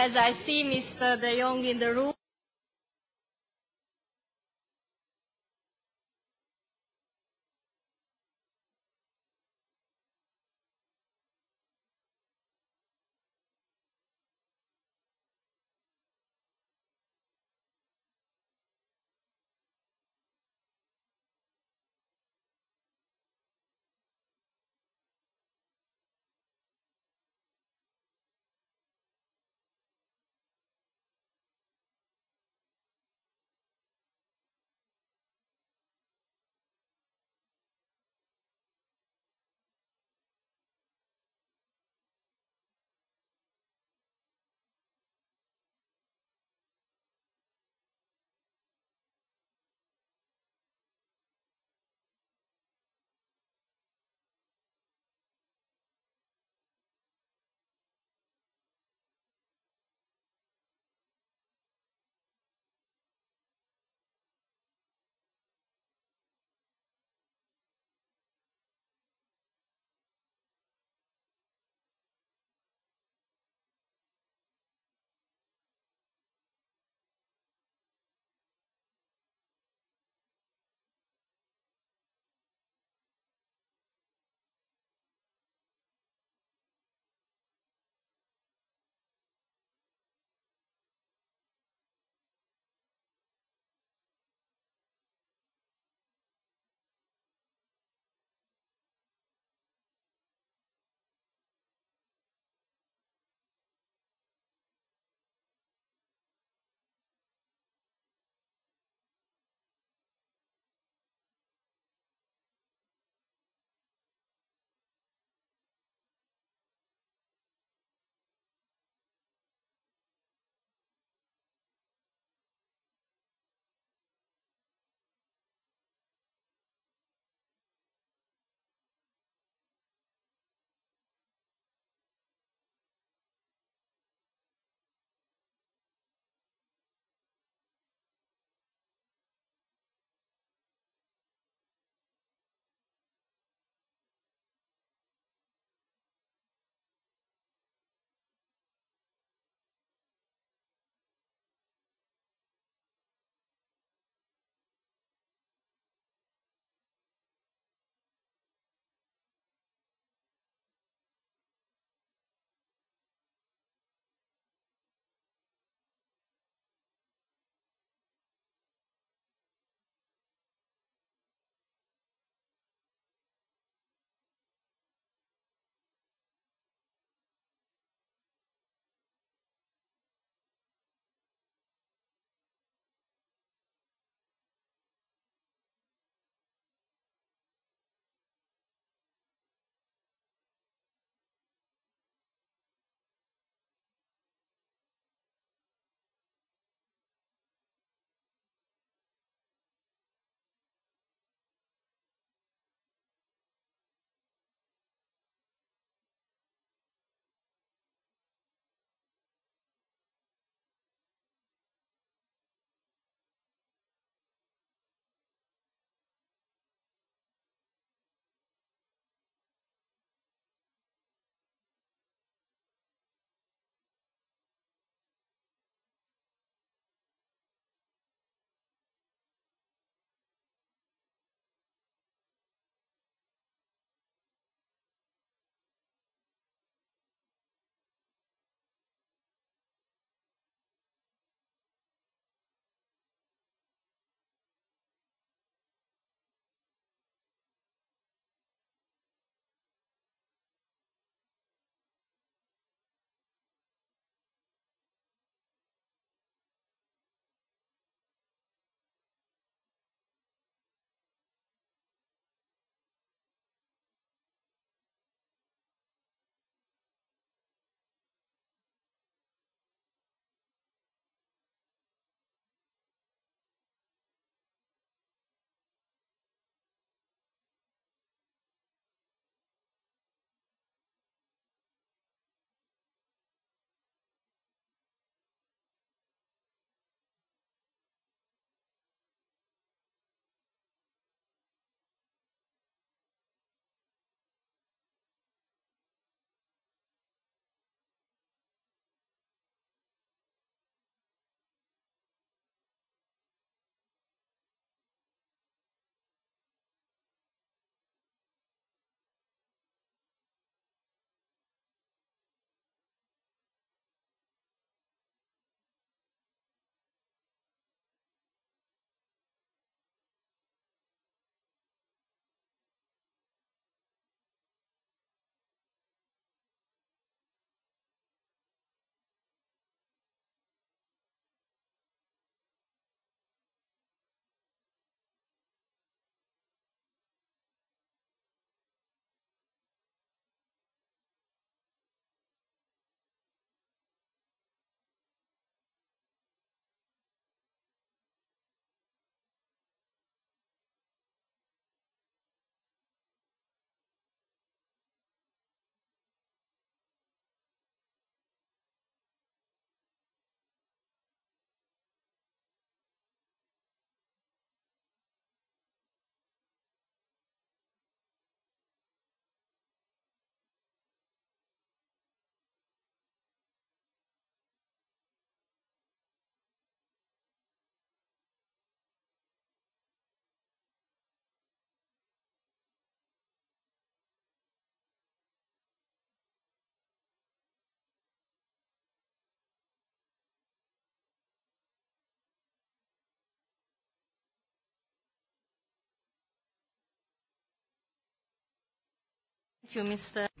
as I see Mr. De Jong in the room.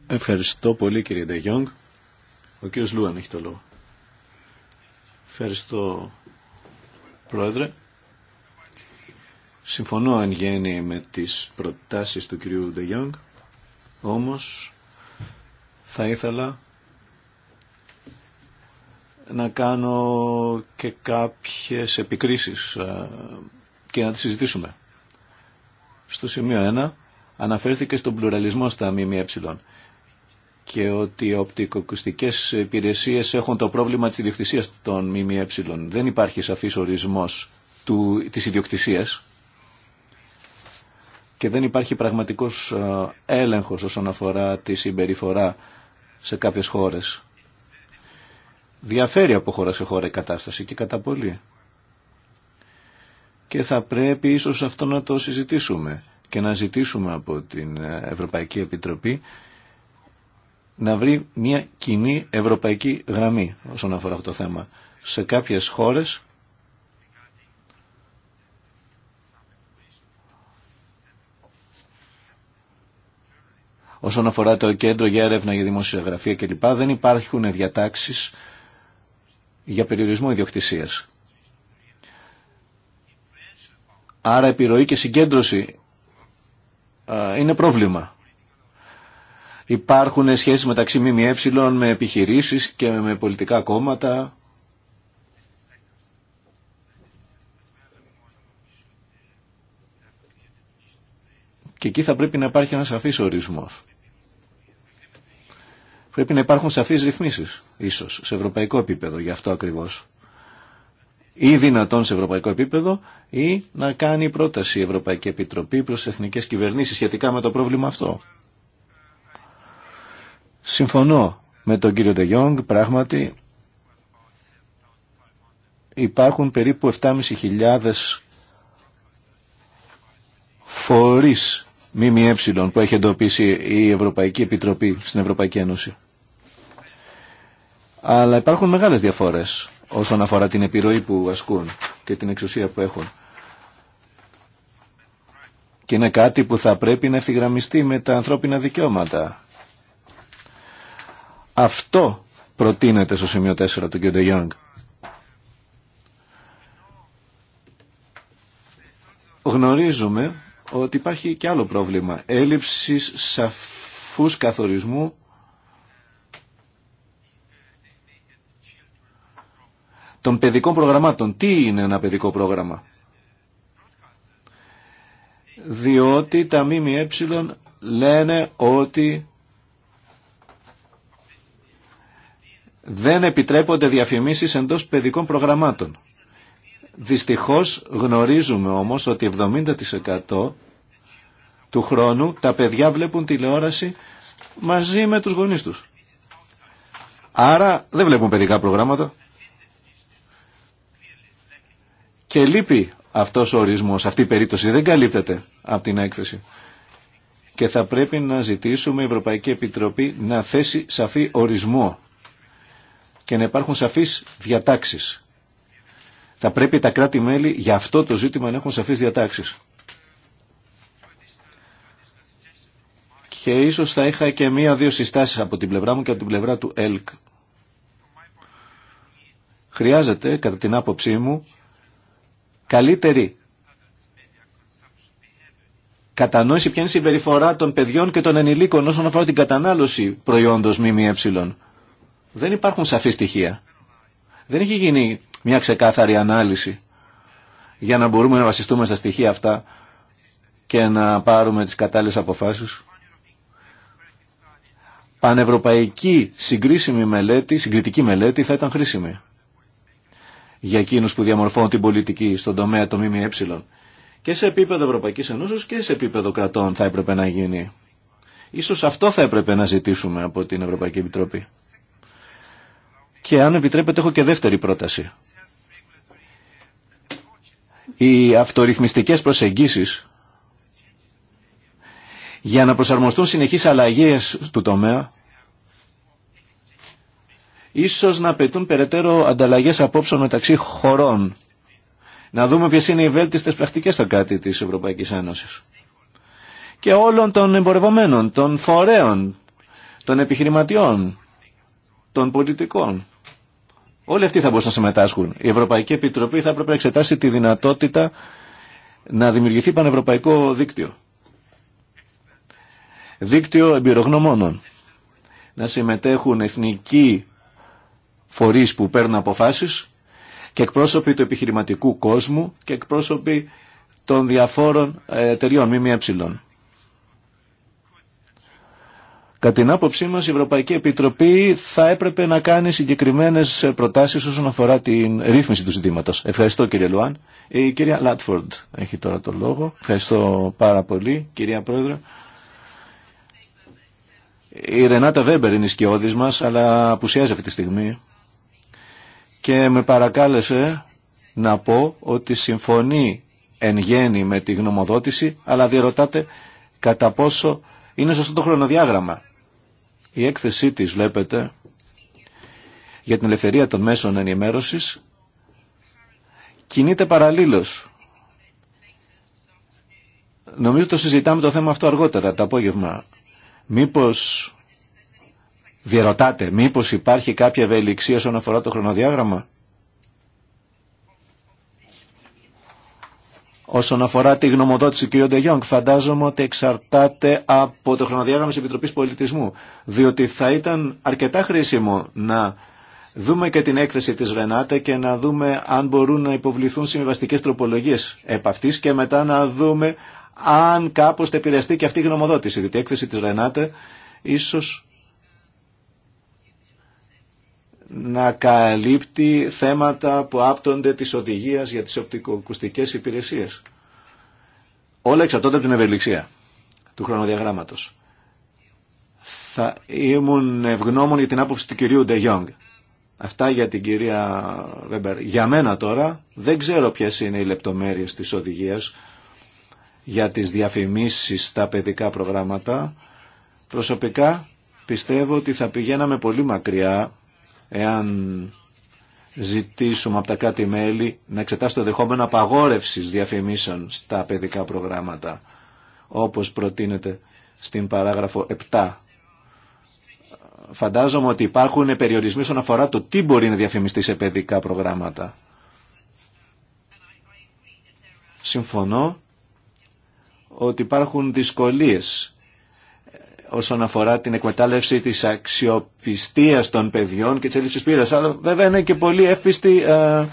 Ευχαριστώ πολύ κύριε Ντεγιόγκ. Ο κύριος Λούαν έχει το λόγο. Ευχαριστώ πρόεδρε. Συμφωνώ αν γέννη με τις προτάσεις του κυρίου Ντεγιόγκ, όμως θα ήθελα να κάνω και κάποιες επικρίσεις ε, και να τις συζητήσουμε. Στο σημείο ένα αναφέρθηκε στον πλουραλισμό στα ΜΜΕ και ότι οι οπτικοκουστικές υπηρεσίες έχουν το πρόβλημα της ιδιοκτησίας των ΜΜΕ. Δεν υπάρχει σαφής ορισμός του, της ιδιοκτησίας και δεν υπάρχει πραγματικός έλεγχος όσον αφορά τη συμπεριφορά σε κάποιες χώρες. Διαφέρει από χώρα σε χώρα η κατάσταση και κατά πολύ. Και θα πρέπει ίσως αυτό να το συζητήσουμε και να ζητήσουμε από την Ευρωπαϊκή Επιτροπή να βρει μια κοινή ευρωπαϊκή γραμμή όσον αφορά αυτό το θέμα. Σε κάποιες χώρες όσον αφορά το κέντρο για έρευνα για δημοσιογραφία κλπ. δεν υπάρχουν διατάξεις για περιορισμό ιδιοκτησίας. Άρα επιρροή και συγκέντρωση είναι πρόβλημα. Υπάρχουν σχέσεις μεταξύ ΜΜΕ με επιχειρήσεις και με πολιτικά κόμματα. Και εκεί θα πρέπει να υπάρχει ένα σαφής ορισμός. Πρέπει να υπάρχουν σαφείς ρυθμίσεις, ίσως, σε ευρωπαϊκό επίπεδο, γι' αυτό ακριβώς ή δυνατόν σε ευρωπαϊκό επίπεδο ή να κάνει πρόταση η Ευρωπαϊκή Επιτροπή προς εθνικές κυβερνήσεις σχετικά με το πρόβλημα αυτό. Συμφωνώ με τον κύριο Ντεγιόγκ, πράγματι υπάρχουν περίπου 7.500 φορείς ΜΜΕ που έχει εντοπίσει η Ευρωπαϊκή Επιτροπή στην Ευρωπαϊκή Ένωση. Αλλά υπάρχουν μεγάλες διαφορές όσον αφορά την επιρροή που ασκούν και την εξουσία που έχουν. Και είναι κάτι που θα πρέπει να ευθυγραμμιστεί με τα ανθρώπινα δικαιώματα. Αυτό προτείνεται στο σημείο 4 του κ. Ντεγιόγκ. Γνωρίζουμε ότι υπάρχει και άλλο πρόβλημα. Έλλειψης σαφούς καθορισμού των παιδικών προγραμμάτων. Τι είναι ένα παιδικό πρόγραμμα. Διότι τα ΜΜΕ λένε ότι δεν επιτρέπονται διαφημίσεις εντός παιδικών προγραμμάτων. Δυστυχώς γνωρίζουμε όμως ότι 70% του χρόνου τα παιδιά βλέπουν τηλεόραση μαζί με τους γονείς τους. Άρα δεν βλέπουν παιδικά προγράμματα. Και λείπει αυτός ο ορισμός, αυτή η περίπτωση δεν καλύπτεται από την έκθεση. Και θα πρέπει να ζητήσουμε η Ευρωπαϊκή Επιτροπή να θέσει σαφή ορισμό και να υπάρχουν σαφείς διατάξεις. Θα πρέπει τα κράτη-μέλη για αυτό το ζήτημα να έχουν σαφείς διατάξεις. Και ίσως θα είχα και μία-δύο συστάσεις από την πλευρά μου και από την πλευρά του ΕΛΚ. Χρειάζεται, κατά την άποψή μου, καλύτερη κατανόηση ποια είναι η συμπεριφορά των παιδιών και των ενηλίκων όσον αφορά την κατανάλωση προϊόντος ΜΜΕ. Δεν υπάρχουν σαφή στοιχεία. Δεν έχει γίνει μια ξεκάθαρη ανάλυση για να μπορούμε να βασιστούμε στα στοιχεία αυτά και να πάρουμε τις κατάλληλες αποφάσεις. Πανευρωπαϊκή συγκρίσιμη μελέτη, συγκριτική μελέτη θα ήταν χρήσιμη για εκείνους που διαμορφώνουν την πολιτική στον τομέα των ΜΜΕ. Και σε επίπεδο Ευρωπαϊκής Ενώσεως και σε επίπεδο κρατών θα έπρεπε να γίνει. Ίσως αυτό θα έπρεπε να ζητήσουμε από την Ευρωπαϊκή Επιτροπή. Και αν επιτρέπετε έχω και δεύτερη πρόταση. Οι αυτορυθμιστικές προσεγγίσεις για να προσαρμοστούν συνεχείς αλλαγές του τομέα ίσως να απαιτούν περαιτέρω ανταλλαγές απόψεων μεταξύ χωρών. Να δούμε ποιες είναι οι βέλτιστες πρακτικές στο κάτι της Ευρωπαϊκής Ένωσης. Και όλων των εμπορευομένων, των φορέων, των επιχειρηματιών, των πολιτικών. Όλοι αυτοί θα μπορούσαν να συμμετάσχουν. Η Ευρωπαϊκή Επιτροπή θα έπρεπε να εξετάσει τη δυνατότητα να δημιουργηθεί πανευρωπαϊκό δίκτυο. Δίκτυο εμπειρογνωμόνων. Να συμμετέχουν εθνικοί φορείς που παίρνουν αποφάσεις και εκπρόσωποι του επιχειρηματικού κόσμου και εκπρόσωποι των διαφόρων ε, εταιριών ΜΜΕ. Κατά την άποψή μας η Ευρωπαϊκή Επιτροπή θα έπρεπε να κάνει συγκεκριμένες προτάσεις όσον αφορά την ρύθμιση του ζητήματος. Ευχαριστώ κύριε Λουάν. Η κυρία Λάτφορντ έχει τώρα το λόγο. Ευχαριστώ πάρα πολύ κυρία Πρόεδρε. Η Ρενάτα Βέμπερ είναι η σκιώδης μας αλλά απουσιάζει αυτή τη στιγμή και με παρακάλεσε να πω ότι συμφωνεί εν γέννη με τη γνωμοδότηση, αλλά διερωτάται κατά πόσο είναι σωστό το χρονοδιάγραμμα. Η έκθεσή της, βλέπετε, για την ελευθερία των μέσων ενημέρωσης, κινείται παραλλήλως. Νομίζω το συζητάμε το θέμα αυτό αργότερα, το απόγευμα. Μήπως Διερωτάτε, μήπως υπάρχει κάποια ευελιξία όσον αφορά το χρονοδιάγραμμα. Όσον αφορά τη γνωμοδότηση του κ. Ντεγιόνγκ, φαντάζομαι ότι εξαρτάται από το χρονοδιάγραμμα της Επιτροπής Πολιτισμού, διότι θα ήταν αρκετά χρήσιμο να δούμε και την έκθεση της Ρενάτε και να δούμε αν μπορούν να υποβληθούν συμβιβαστικέ τροπολογίες επ' αυτής και μετά να δούμε αν κάπως θα επηρεαστεί και αυτή η γνωμοδότηση, διότι η έκθεση της Ρενάτε ίσως να καλύπτει θέματα που άπτονται της οδηγίας για τις οπτικοακουστικές υπηρεσίες. Όλα εξαρτώνται από την ευελιξία του χρονοδιαγράμματος. Θα ήμουν ευγνώμων για την άποψη του κυρίου Ντε Γιόγκ. Αυτά για την κυρία Βέμπερ. Για μένα τώρα δεν ξέρω ποιε είναι οι λεπτομέρειε της οδηγία για τις διαφημίσει στα παιδικά προγράμματα. Προσωπικά πιστεύω ότι θα πηγαίναμε πολύ μακριά εάν ζητήσουμε από τα κράτη-μέλη να εξετάσουν το δεχόμενο απαγόρευσης διαφημίσεων στα παιδικά προγράμματα, όπως προτείνεται στην παράγραφο 7. Φαντάζομαι ότι υπάρχουν περιορισμοί όσον αφορά το τι μπορεί να διαφημιστεί σε παιδικά προγράμματα. Συμφωνώ ότι υπάρχουν δυσκολίες όσον αφορά την εκμετάλλευση της αξιοπιστίας των παιδιών και της έλλειψης πείρας. Αλλά βέβαια είναι και πολύ εύπιστοι ε,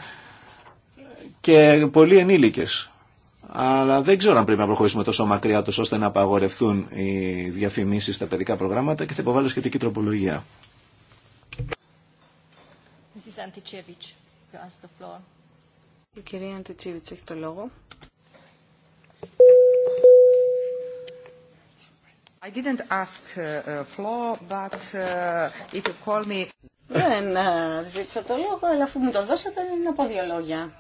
και πολύ ενήλικες. Αλλά δεν ξέρω αν πρέπει να προχωρήσουμε τόσο μακριά τόσο ώστε να απαγορευτούν οι διαφημίσεις στα παιδικά προγράμματα και θα υποβάλω σχετική τροπολογία. Η κυρία Αντιτσίβιτς έχει το λόγο. Δεν ζήτησα το λόγο, αλλά αφού μου το δώσατε να πω δύο λόγια.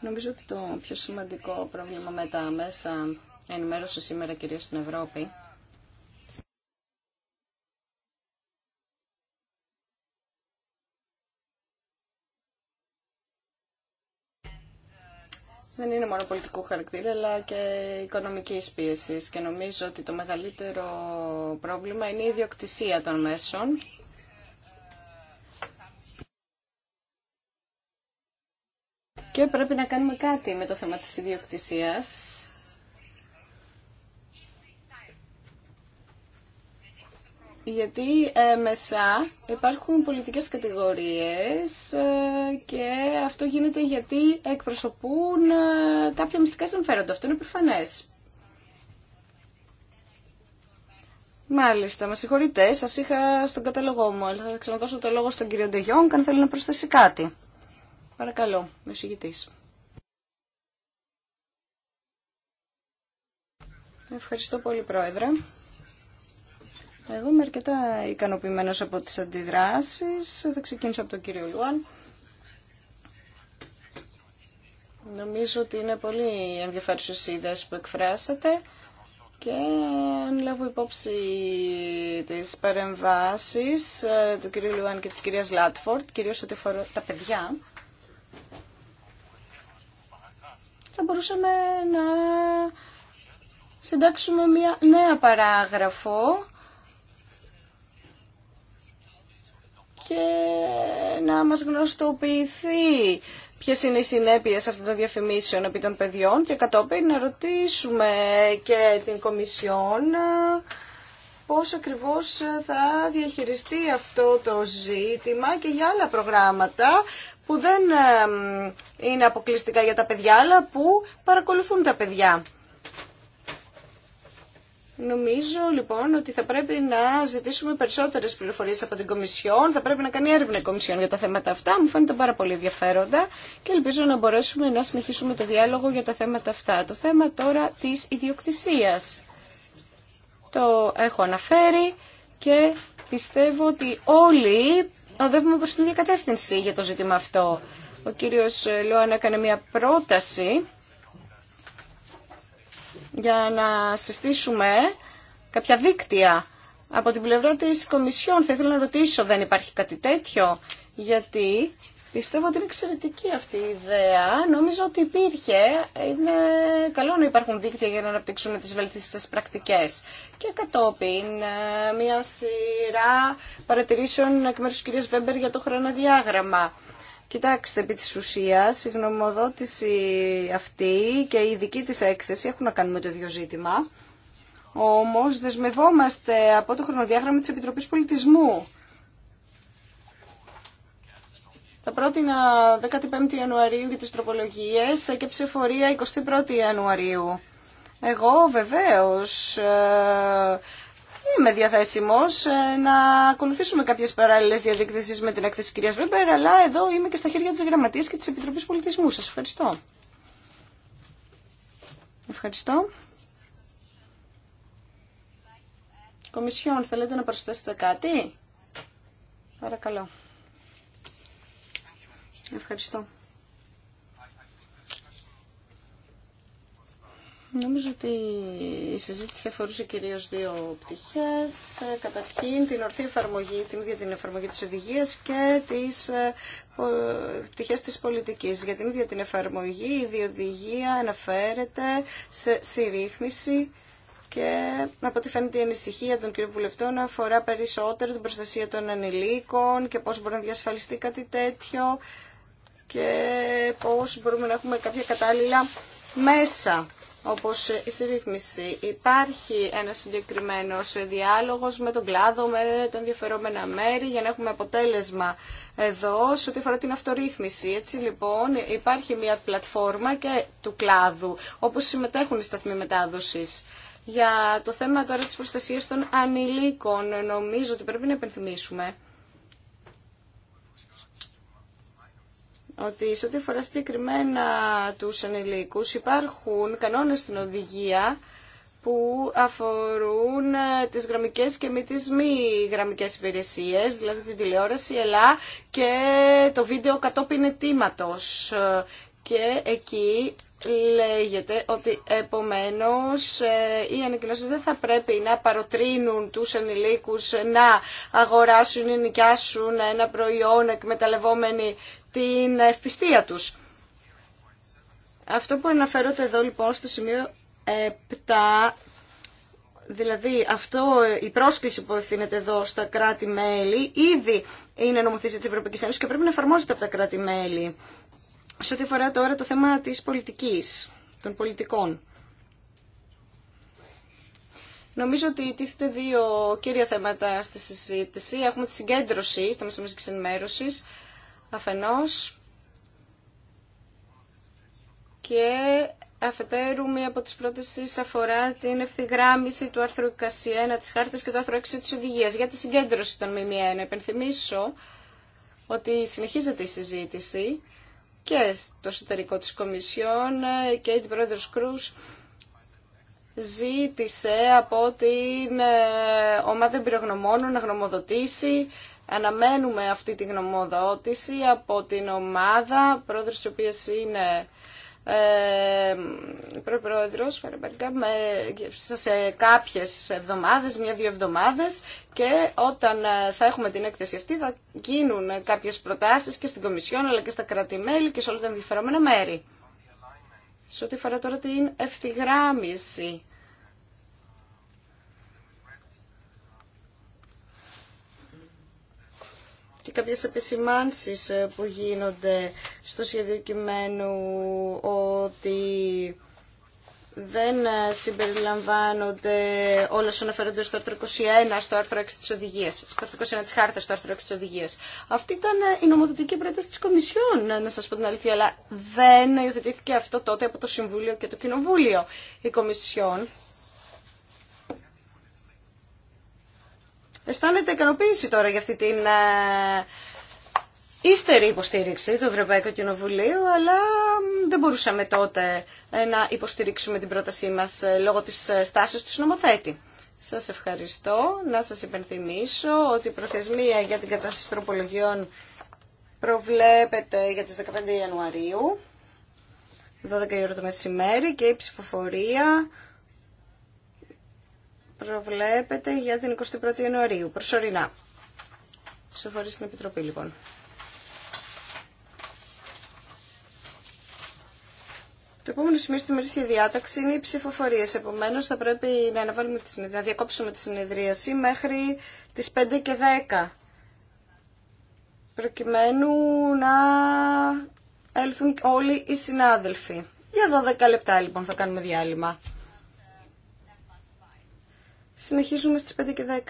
Νομίζω ότι το πιο σημαντικό πρόβλημα με τα μέσα ενημέρωση σήμερα κυρίως στην Ευρώπη δεν είναι μόνο πολιτικού χαρακτήρα, αλλά και οικονομική πίεση. Και νομίζω ότι το μεγαλύτερο πρόβλημα είναι η ιδιοκτησία των μέσων. Και πρέπει να κάνουμε κάτι με το θέμα της ιδιοκτησίας. γιατί ε, μέσα υπάρχουν πολιτικές κατηγορίες ε, και αυτό γίνεται γιατί εκπροσωπούν ε, κάποια μυστικά συμφέροντα. Αυτό είναι προφανές. Μάλιστα, με συγχωρείτε, σας είχα στον καταλογό μου, αλλά θα ξαναδώσω το λόγο στον κύριο Ντεγιόνγκ αν θέλει να προσθέσει κάτι. Παρακαλώ, ο Ευχαριστώ πολύ, Πρόεδρε. Εγώ είμαι αρκετά ικανοποιημένο από τις αντιδράσεις. Θα ξεκινήσω από τον κύριο Λουάν. Νομίζω ότι είναι πολύ ενδιαφέρουσες οι ιδέες που εκφράσατε και αν λάβω υπόψη τις παρεμβάσεις ε, του κυρίου Λουάν και της κυρίας Λάτφορτ, κυρίως ότι αφορά τα παιδιά, θα μπορούσαμε να συντάξουμε μια νέα παράγραφο και να μας γνωστοποιηθεί ποιε είναι οι συνέπειες αυτών των διαφημίσεων επί των παιδιών και κατόπιν να ρωτήσουμε και την Κομισιόν ε, πώς ακριβώς θα διαχειριστεί αυτό το ζήτημα και για άλλα προγράμματα που δεν ε, είναι αποκλειστικά για τα παιδιά αλλά που παρακολουθούν τα παιδιά. Νομίζω λοιπόν ότι θα πρέπει να ζητήσουμε περισσότερες πληροφορίες από την Κομισιόν, θα πρέπει να κάνει έρευνα η Κομισιόν για τα θέματα αυτά, μου φαίνεται πάρα πολύ ενδιαφέροντα και ελπίζω να μπορέσουμε να συνεχίσουμε το διάλογο για τα θέματα αυτά. Το θέμα τώρα της ιδιοκτησίας. Το έχω αναφέρει και πιστεύω ότι όλοι οδεύουμε προς την ίδια κατεύθυνση για το ζήτημα αυτό. Ο κύριος Λόαν έκανε μια πρόταση για να συστήσουμε κάποια δίκτυα. Από την πλευρά της Κομισιόν θα ήθελα να ρωτήσω, δεν υπάρχει κάτι τέτοιο, γιατί πιστεύω ότι είναι εξαιρετική αυτή η ιδέα. Νομίζω ότι υπήρχε, είναι καλό να υπάρχουν δίκτυα για να αναπτύξουμε τις βελτιστές πρακτικές. Και κατόπιν ε, μια σειρά παρατηρήσεων εκ μέρους της κυρίας Βέμπερ για το χρονοδιάγραμμα. Κοιτάξτε, επί της ουσίας, η γνωμοδότηση αυτή και η δική της έκθεση έχουν να κάνουν με το ίδιο ζήτημα. Όμως δεσμευόμαστε από το χρονοδιάγραμμα της Επιτροπής Πολιτισμού. Θα πρότεινα 15η Ιανουαρίου για τις τροπολογίες και ψηφορία 21η Ιανουαρίου. Εγώ βεβαίως ε, είμαι διαθέσιμος ε, να ακολουθήσουμε κάποιες παράλληλες διαδίκτυσεις με την έκθεση κυρία Βέμπερ, αλλά εδώ είμαι και στα χέρια της Γραμματείας και της Επιτροπής Πολιτισμού. Σας ευχαριστώ. Ευχαριστώ. Κομισιόν, θέλετε να προσθέσετε κάτι. Παρακαλώ. Ευχαριστώ. Νομίζω ότι η συζήτηση αφορούσε κυρίως δύο πτυχές. Ε, καταρχήν την ορθή εφαρμογή, την ίδια την εφαρμογή της οδηγίας και τις ε, πτυχές της πολιτικής. Για την ίδια την εφαρμογή η διοδηγία αναφέρεται σε συρρύθμιση και από ό,τι φαίνεται η ανησυχία των κύριων βουλευτών αφορά περισσότερο την προστασία των ανηλίκων και πώς μπορεί να διασφαλιστεί κάτι τέτοιο και πώς μπορούμε να έχουμε κάποια κατάλληλα μέσα όπως η ρύθμιση. Υπάρχει ένα συγκεκριμένο διάλογος με τον κλάδο, με τα ενδιαφερόμενα μέρη για να έχουμε αποτέλεσμα εδώ σε ό,τι αφορά την αυτορύθμιση. Έτσι λοιπόν υπάρχει μια πλατφόρμα και του κλάδου όπου συμμετέχουν οι σταθμοί μετάδοσης. Για το θέμα τώρα της προστασίας των ανηλίκων νομίζω ότι πρέπει να επενθυμίσουμε ότι σε ό,τι αφορά συγκεκριμένα τους ανηλίκους υπάρχουν κανόνες στην οδηγία που αφορούν ε, τις γραμμικές και μη τις μη γραμμικές υπηρεσίες, δηλαδή την τηλεόραση, ελά και το βίντεο κατόπιν ετήματος. Ε, και εκεί λέγεται ότι επομένως ε, οι ανακοινώσεις δεν θα πρέπει να παροτρύνουν τους ενηλίκους να αγοράσουν ή νοικιάσουν ένα προϊόν εκμεταλλευόμενοι την ευπιστία τους. Αυτό που αναφέρονται εδώ λοιπόν στο σημείο 7, δηλαδή αυτό, η πρόσκληση που ευθύνεται εδώ στα κράτη-μέλη, ήδη είναι νομοθεσία της Ευρωπαϊκής Ένωσης και πρέπει να εφαρμόζεται από τα κράτη-μέλη. Σε ό,τι αφορά τώρα το θέμα της πολιτικής, των πολιτικών. Νομίζω ότι τίθεται δύο κύρια θέματα στη συζήτηση. Έχουμε τη συγκέντρωση στα μέσα ενημέρωση αφενός και αφετέρου μία από τις πρότασεις αφορά την ευθυγράμμιση του άρθρου 21 της χάρτης και του άρθρου 6 της οδηγίας για τη συγκέντρωση των ΜΜΕ. Να υπενθυμίσω ότι συνεχίζεται η συζήτηση και στο εσωτερικό της Κομισιόν ε, και την Πρόεδρος Κρούς ζήτησε από την ε, ομάδα εμπειρογνωμόνων να γνωμοδοτήσει Αναμένουμε αυτή τη γνωμοδότηση από την ομάδα, πρόεδρος της οποίας είναι ε, πρόεδρος με, σε κάποιες εβδομάδες, μια-δύο εβδομάδες και όταν ε, θα έχουμε την έκθεση αυτή θα γίνουν κάποιες προτάσεις και στην Κομισιόν αλλά και στα κρατημέλη και σε όλα τα ενδιαφερόμενα μέρη. Σε ό,τι αφορά τώρα την ευθυγράμμιση και κάποιες επισημάνσεις ε, που γίνονται στο σχέδιο κειμένου ότι δεν ε, συμπεριλαμβάνονται όλα όσα αναφέρονται στο άρθρο 21, στο άρθρο 6 της οδηγίας, στο άρθρο 21 της χάρτας, στο άρθρο 6 της οδηγίας. Αυτή ήταν ε, η νομοθετική πρόταση της Κομισιόν, να σας πω την αλήθεια, αλλά δεν υιοθετήθηκε αυτό τότε από το Συμβούλιο και το Κοινοβούλιο. Η Κομισιόν αισθάνεται ικανοποίηση τώρα για αυτή την ε, ύστερη υποστήριξη του Ευρωπαϊκού Κοινοβουλίου, αλλά δεν μπορούσαμε τότε ε, να υποστηρίξουμε την πρότασή μας ε, λόγω της στάσης του συνομοθέτη. Σας ευχαριστώ. Να σας υπενθυμίσω ότι η προθεσμία για την κατάσταση τροπολογιών προβλέπεται για τις 15 Ιανουαρίου, 12 η ώρα το μεσημέρι και η ψηφοφορία προβλέπεται για την 21η Ιανουαρίου, προσωρινά. Ψηφορεί στην Επιτροπή, λοιπόν. Το επόμενο σημείο στη μερίσια διάταξη είναι οι ψηφοφορίε. Επομένω, θα πρέπει να, αναβάλουμε τη συνεδρία, να διακόψουμε τη συνεδρίαση μέχρι τι 5 και 10 προκειμένου να έλθουν όλοι οι συνάδελφοι. Για 12 λεπτά λοιπόν θα κάνουμε διάλειμμα. Συνεχίζουμε στις 5 και 10.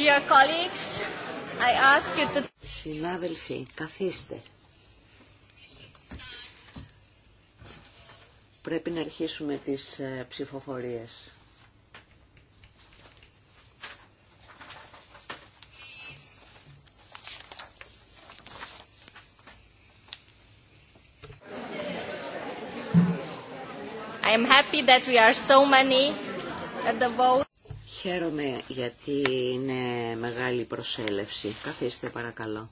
Dear colleagues, I ask you to... Συνάδελφοι, καθίστε. Πρέπει να αρχίσουμε τις ψηφοφορίες. I am happy that we are so many at the vote. Χαίρομαι γιατί είναι μεγάλη προσέλευση. Καθίστε παρακαλώ.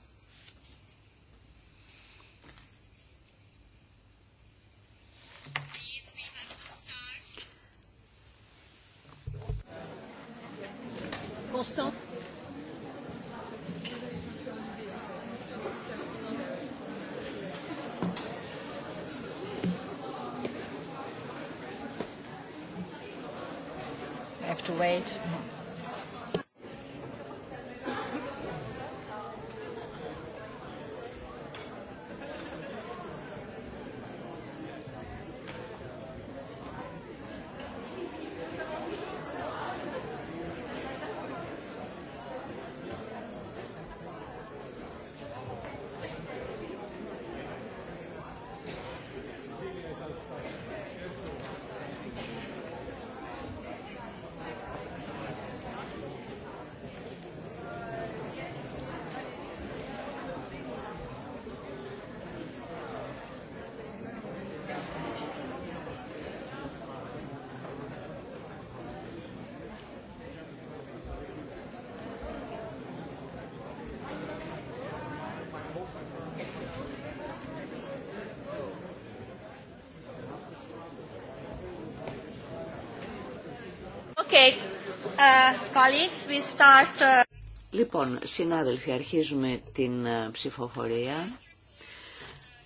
Uh, λοιπόν, συνάδελφοι, αρχίζουμε την ε, ψηφοφορία.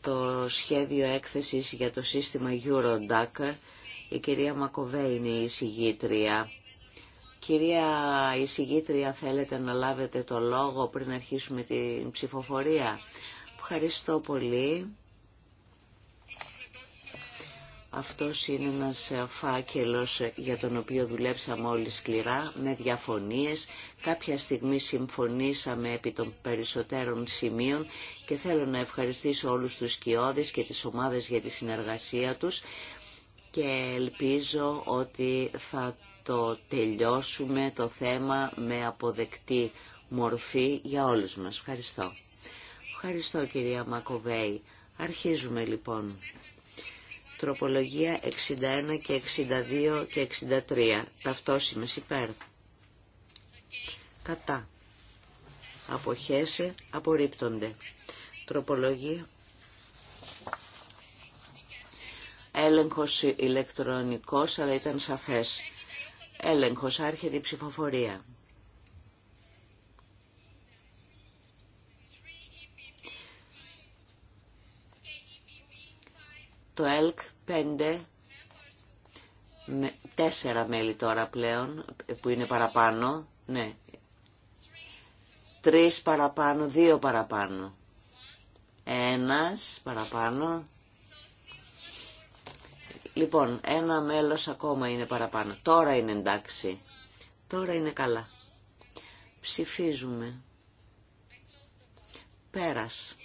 Το σχέδιο έκθεσης για το σύστημα Eurodac. Η κυρία Μακοβέ είναι η εισηγήτρια. Κυρία η θέλετε να λάβετε το λόγο πριν αρχίσουμε την ψηφοφορία. Ευχαριστώ πολύ. Αυτός είναι ένας φάκελος για τον οποίο δουλέψαμε όλοι σκληρά, με διαφωνίες. Κάποια στιγμή συμφωνήσαμε επί των περισσότερων σημείων και θέλω να ευχαριστήσω όλους τους σκιώδες και τις ομάδες για τη συνεργασία τους και ελπίζω ότι θα το τελειώσουμε το θέμα με αποδεκτή μορφή για όλους μας. Ευχαριστώ. Ευχαριστώ κυρία Μακοβέη. Αρχίζουμε λοιπόν. Τροπολογία 61 και 62 και 63. Ταυτόσημες υπέρ. Κατά. Αποχέσε. Απορρίπτονται. Τροπολογία. Έλεγχος ηλεκτρονικός, αλλά ήταν σαφές. Έλεγχος. Άρχεται η ψηφοφορία. το ΕΛΚ πέντε, τέσσερα μέλη τώρα πλέον, που είναι παραπάνω, ναι, τρεις παραπάνω, δύο παραπάνω, ένας παραπάνω, λοιπόν, ένα μέλος ακόμα είναι παραπάνω, τώρα είναι εντάξει, τώρα είναι καλά. Ψηφίζουμε. Πέρας.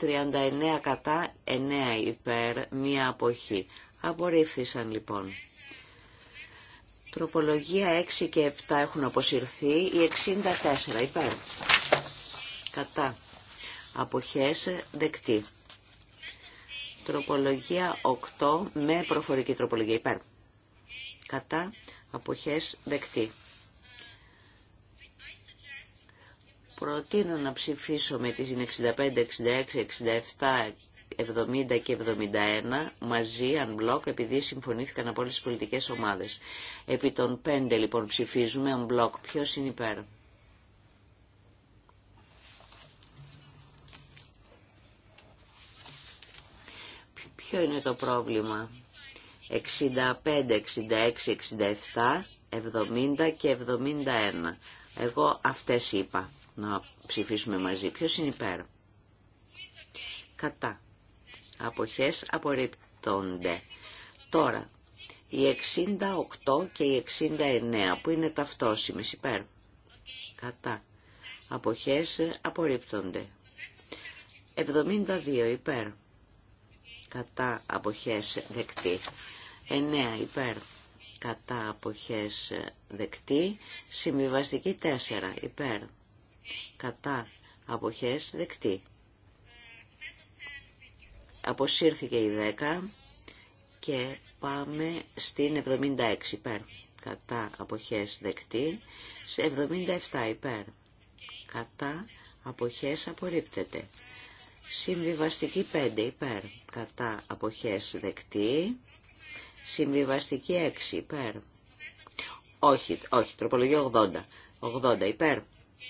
39 κατά, 9 υπέρ, μία αποχή. Απορρίφθησαν λοιπόν. Τροπολογία 6 και 7 έχουν αποσυρθεί, η 64 υπέρ. Κατά. Αποχές δεκτή. Τροπολογία 8 με προφορική τροπολογία υπέρ. Κατά. Αποχές δεκτή. Προτείνω να ψηφίσουμε τις 65, 66, 67, 70 και 71 μαζί, αν μπλοκ, επειδή συμφωνήθηκαν από όλες τις πολιτικές ομάδες. Επί των 5 λοιπόν ψηφίζουμε μπλοκ. Ποιος είναι υπέρ. Ποιο είναι το πρόβλημα. 65, 66, 67, 70 και 71. Εγώ αυτές είπα να ψηφίσουμε μαζί. Ποιος είναι υπέρ. Κατά. Αποχές απορρίπτονται. Τώρα, οι 68 και οι 69 που είναι ταυτόσιμες υπέρ. Κατά. Αποχές απορρίπτονται. 72 υπέρ. Κατά αποχές δεκτή. 9 υπέρ. Κατά αποχές δεκτή. Συμβιβαστική 4 υπέρ κατά αποχές δεκτή. Αποσύρθηκε η 10 και πάμε στην 76 υπέρ. Κατά αποχές δεκτή. Σε 77 υπέρ. Κατά αποχές απορρίπτεται. Συμβιβαστική 5 υπέρ. Κατά αποχές δεκτή. Συμβιβαστική 6 υπέρ. Όχι, όχι, τροπολογία 80. 80 υπέρ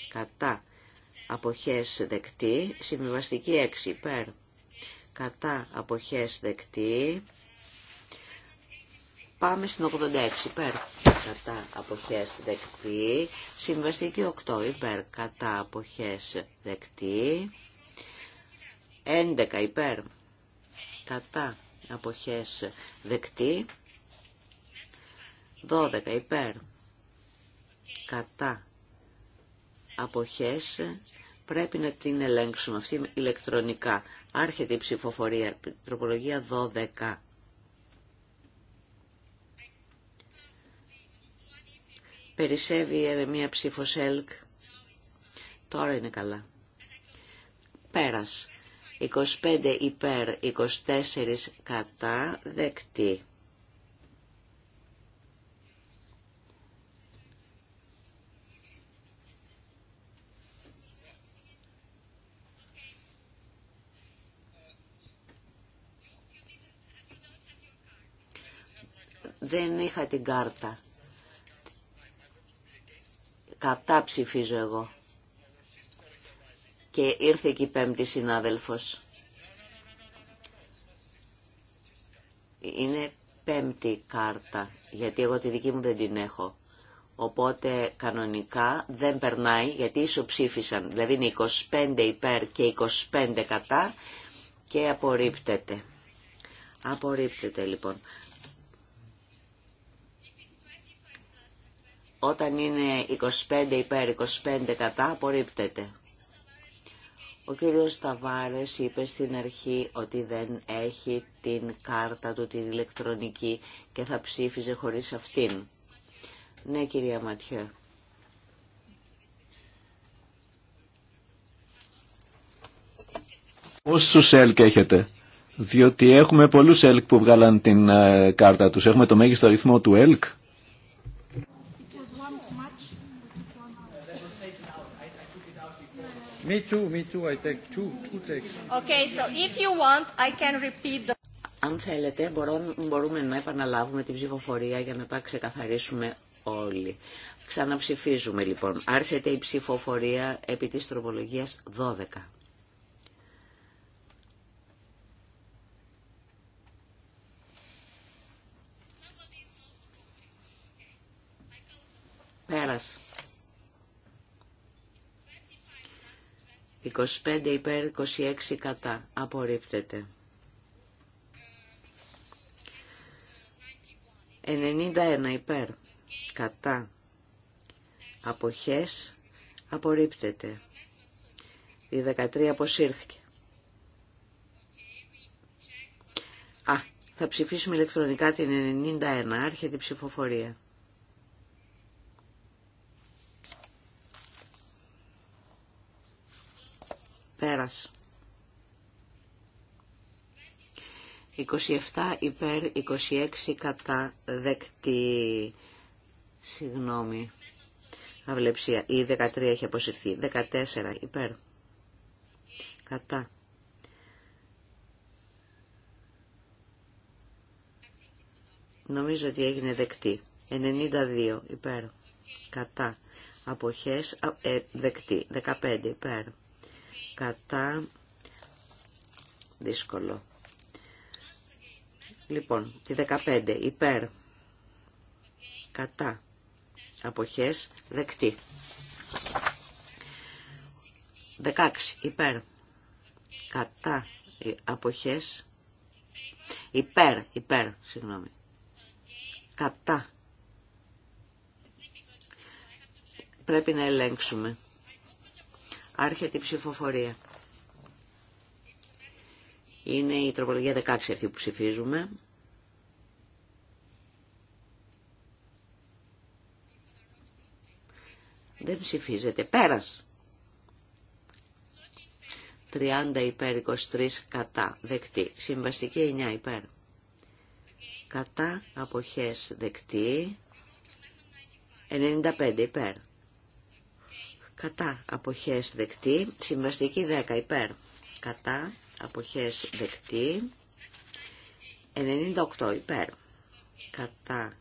κατά αποχές δεκτή, συμβιβαστική 6 υπέρ κατά αποχές δεκτή. Πάμε στην 86 υπέρ κατά αποχές δεκτή, συμβαστική 8 υπέρ κατά αποχές δεκτή, 11 υπέρ κατά αποχές δεκτή, 12 υπέρ κατά αποχές πρέπει να την ελέγξουμε αυτή ηλεκτρονικά. Άρχεται η ψηφοφορία, τροπολογία 12. Περισσεύει μια ψήφος ΕΛΚ. Τώρα είναι καλά. Πέρας. 25 υπέρ, 24 κατά, δεκτή. δεν είχα την κάρτα. Κατά ψηφίζω εγώ. Και ήρθε και η πέμπτη συνάδελφος. Είναι πέμπτη κάρτα, γιατί εγώ τη δική μου δεν την έχω. Οπότε κανονικά δεν περνάει, γιατί ισοψήφισαν. Δηλαδή είναι 25 υπέρ και 25 κατά και απορρίπτεται. Απορρίπτεται λοιπόν. Όταν είναι 25 υπέρ 25 κατά απορρίπτεται. Ο κύριος Ταβάρες είπε στην αρχή ότι δεν έχει την κάρτα του την ηλεκτρονική και θα ψήφιζε χωρίς αυτήν. Ναι κυρία Ματιέ. Πόσους ΕΛΚ έχετε. Διότι έχουμε πολλούς ΕΛΚ που βγάλαν την ε, κάρτα τους. Έχουμε το μέγιστο αριθμό του ΕΛΚ. Me too, Αν θέλετε, μπορούμε να επαναλάβουμε την ψηφοφορία για να τα ξεκαθαρίσουμε όλοι. Ξαναψηφίζουμε λοιπόν. Άρχεται η ψηφοφορία επί της τροπολογίας 12. Πέρασε. 25 υπέρ 26 κατά. Απορρίπτεται. 91 υπέρ κατά. Αποχές. Απορρίπτεται. Η 13 αποσύρθηκε. Α, θα ψηφίσουμε ηλεκτρονικά την 91. Άρχεται η ψηφοφορία. 27 υπέρ, 26 κατά δεκτή. Συγγνώμη. Αυλεψία. Η 13 έχει αποσυρθεί. 14 υπέρ. Κατά. Νομίζω ότι έγινε δεκτή. 92 υπέρ. Κατά. Αποχές ε, δεκτή. 15 υπέρ κατά δύσκολο. Λοιπόν, τη 15 υπέρ κατά αποχές δεκτή. 16 υπέρ κατά ε, αποχές υπέρ, υπέρ, συγγνώμη κατά πρέπει να ελέγξουμε Άρχεται η ψηφοφορία. Είναι η τροπολογία 16 αυτή που ψηφίζουμε. Δεν ψηφίζεται. Πέρας. 30 υπέρ, 23 κατά. Δεκτή. Συμβαστική 9 υπέρ. Κατά αποχές δεκτή. 95 υπέρ κατά αποχές δεκτή, συμβαστική 10 υπέρ, κατά αποχές δεκτή, 98 υπέρ, κατά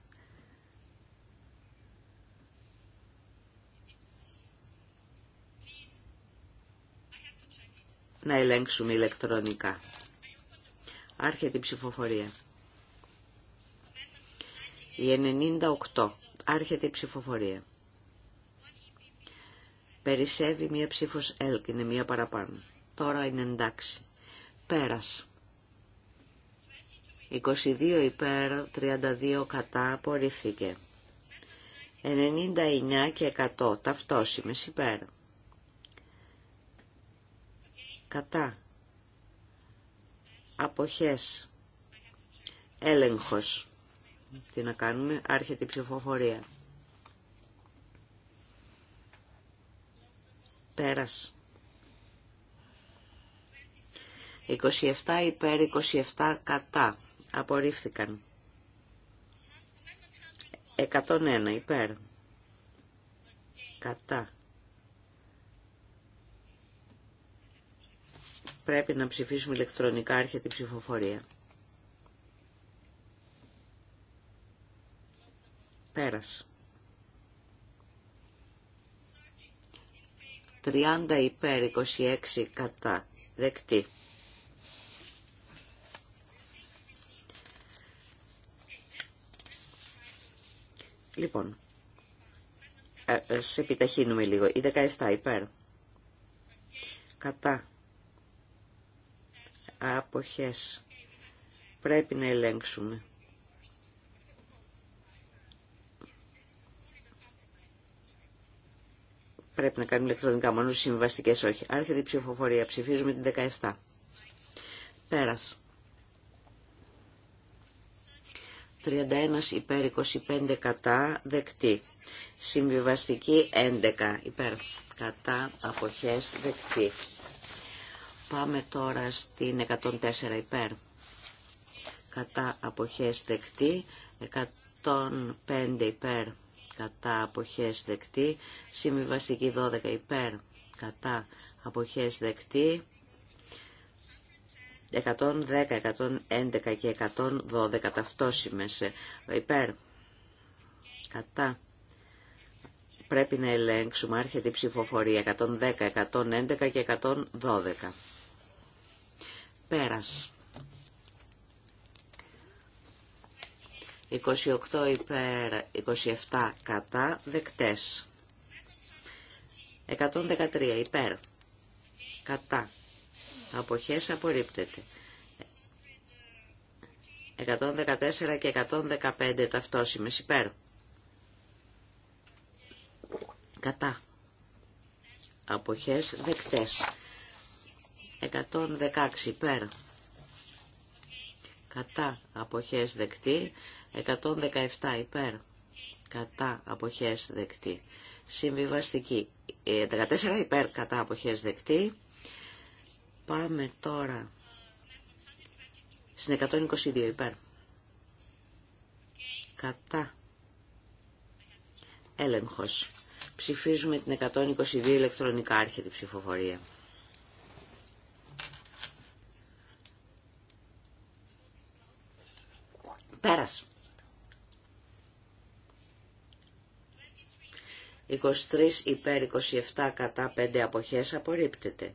να ελέγξουμε ηλεκτρονικά. Άρχεται η ψηφοφορία. Η 98. Άρχεται η ψηφοφορία. Περισσεύει μία ψήφος ΕΛΚ, είναι μία παραπάνω. Τώρα είναι εντάξει. Πέρας. 22 υπέρ, 32 κατά, απορρίφθηκε. 99 και 100, ταυτόσιμες υπέρ. Κατά. Αποχές. Έλεγχος. Τι να κάνουμε, άρχεται η ψηφοφορία. Πέρας. 27 υπέρ, 27 κατά. Απορρίφθηκαν. 101 υπέρ. Κατά. Πρέπει να ψηφίσουμε ηλεκτρονικά άρχια ψηφοφορία. Πέρας. 30 υπέρ 26 κατά δεκτή. Λοιπόν, ε, ε, σε επιταχύνουμε λίγο. Η 17 υπέρ. Κατά. Αποχές. Πρέπει να ελέγξουμε. Πρέπει να κάνουμε ηλεκτρονικά μόνο συμβιβαστικέ όχι. Άρχεται η ψηφοφορία. Ψηφίζουμε την 17. Πέρας. 31 υπέρ 25 κατά δεκτή. Συμβιβαστική 11 υπέρ κατά αποχές δεκτή. Πάμε τώρα στην 104 υπέρ. Κατά αποχές δεκτή. 105 υπέρ κατά αποχές δεκτή, συμβιβαστική 12 υπέρ κατά αποχές δεκτή, 110, 111 και 112 ταυτόσιμες υπέρ κατά. Πρέπει να ελέγξουμε άρχεται η ψηφοφορία 110, 111 και 112. Πέρας. 28 υπέρ, 27 κατά, δεκτές. 113 υπέρ, κατά, αποχές απορρίπτεται. 114 και 115 ταυτόσημες υπέρ. Κατά. Αποχές δεκτές. 116 υπέρ. Κατά. Αποχές δεκτή. 117 υπέρ κατά αποχές δεκτή. Συμβιβαστική 14 ε, υπέρ κατά αποχές δεκτή. Πάμε τώρα στην 122 υπέρ. Κατά. Έλεγχος. Ψηφίζουμε την 122 ηλεκτρονικά άρχεται ψηφοφορία. Πέρασε. 23 υπέρ 27 κατά 5 αποχές απορρίπτεται.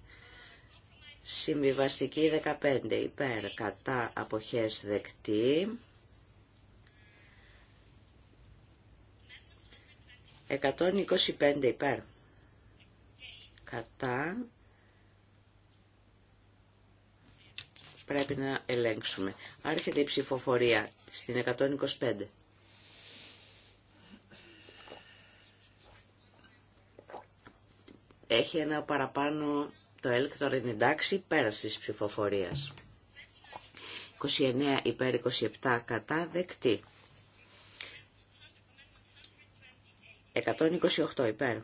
Συμβιβαστική 15 υπέρ κατά αποχές δεκτή. 125 υπέρ κατά πρέπει να ελέγξουμε. Άρχεται η ψηφοφορία στην 125. Έχει ένα παραπάνω το ΕΛΚ τώρα είναι εντάξει πέρα της ψηφοφορίας. 29 υπέρ 27 κατά δεκτή. 128 υπέρ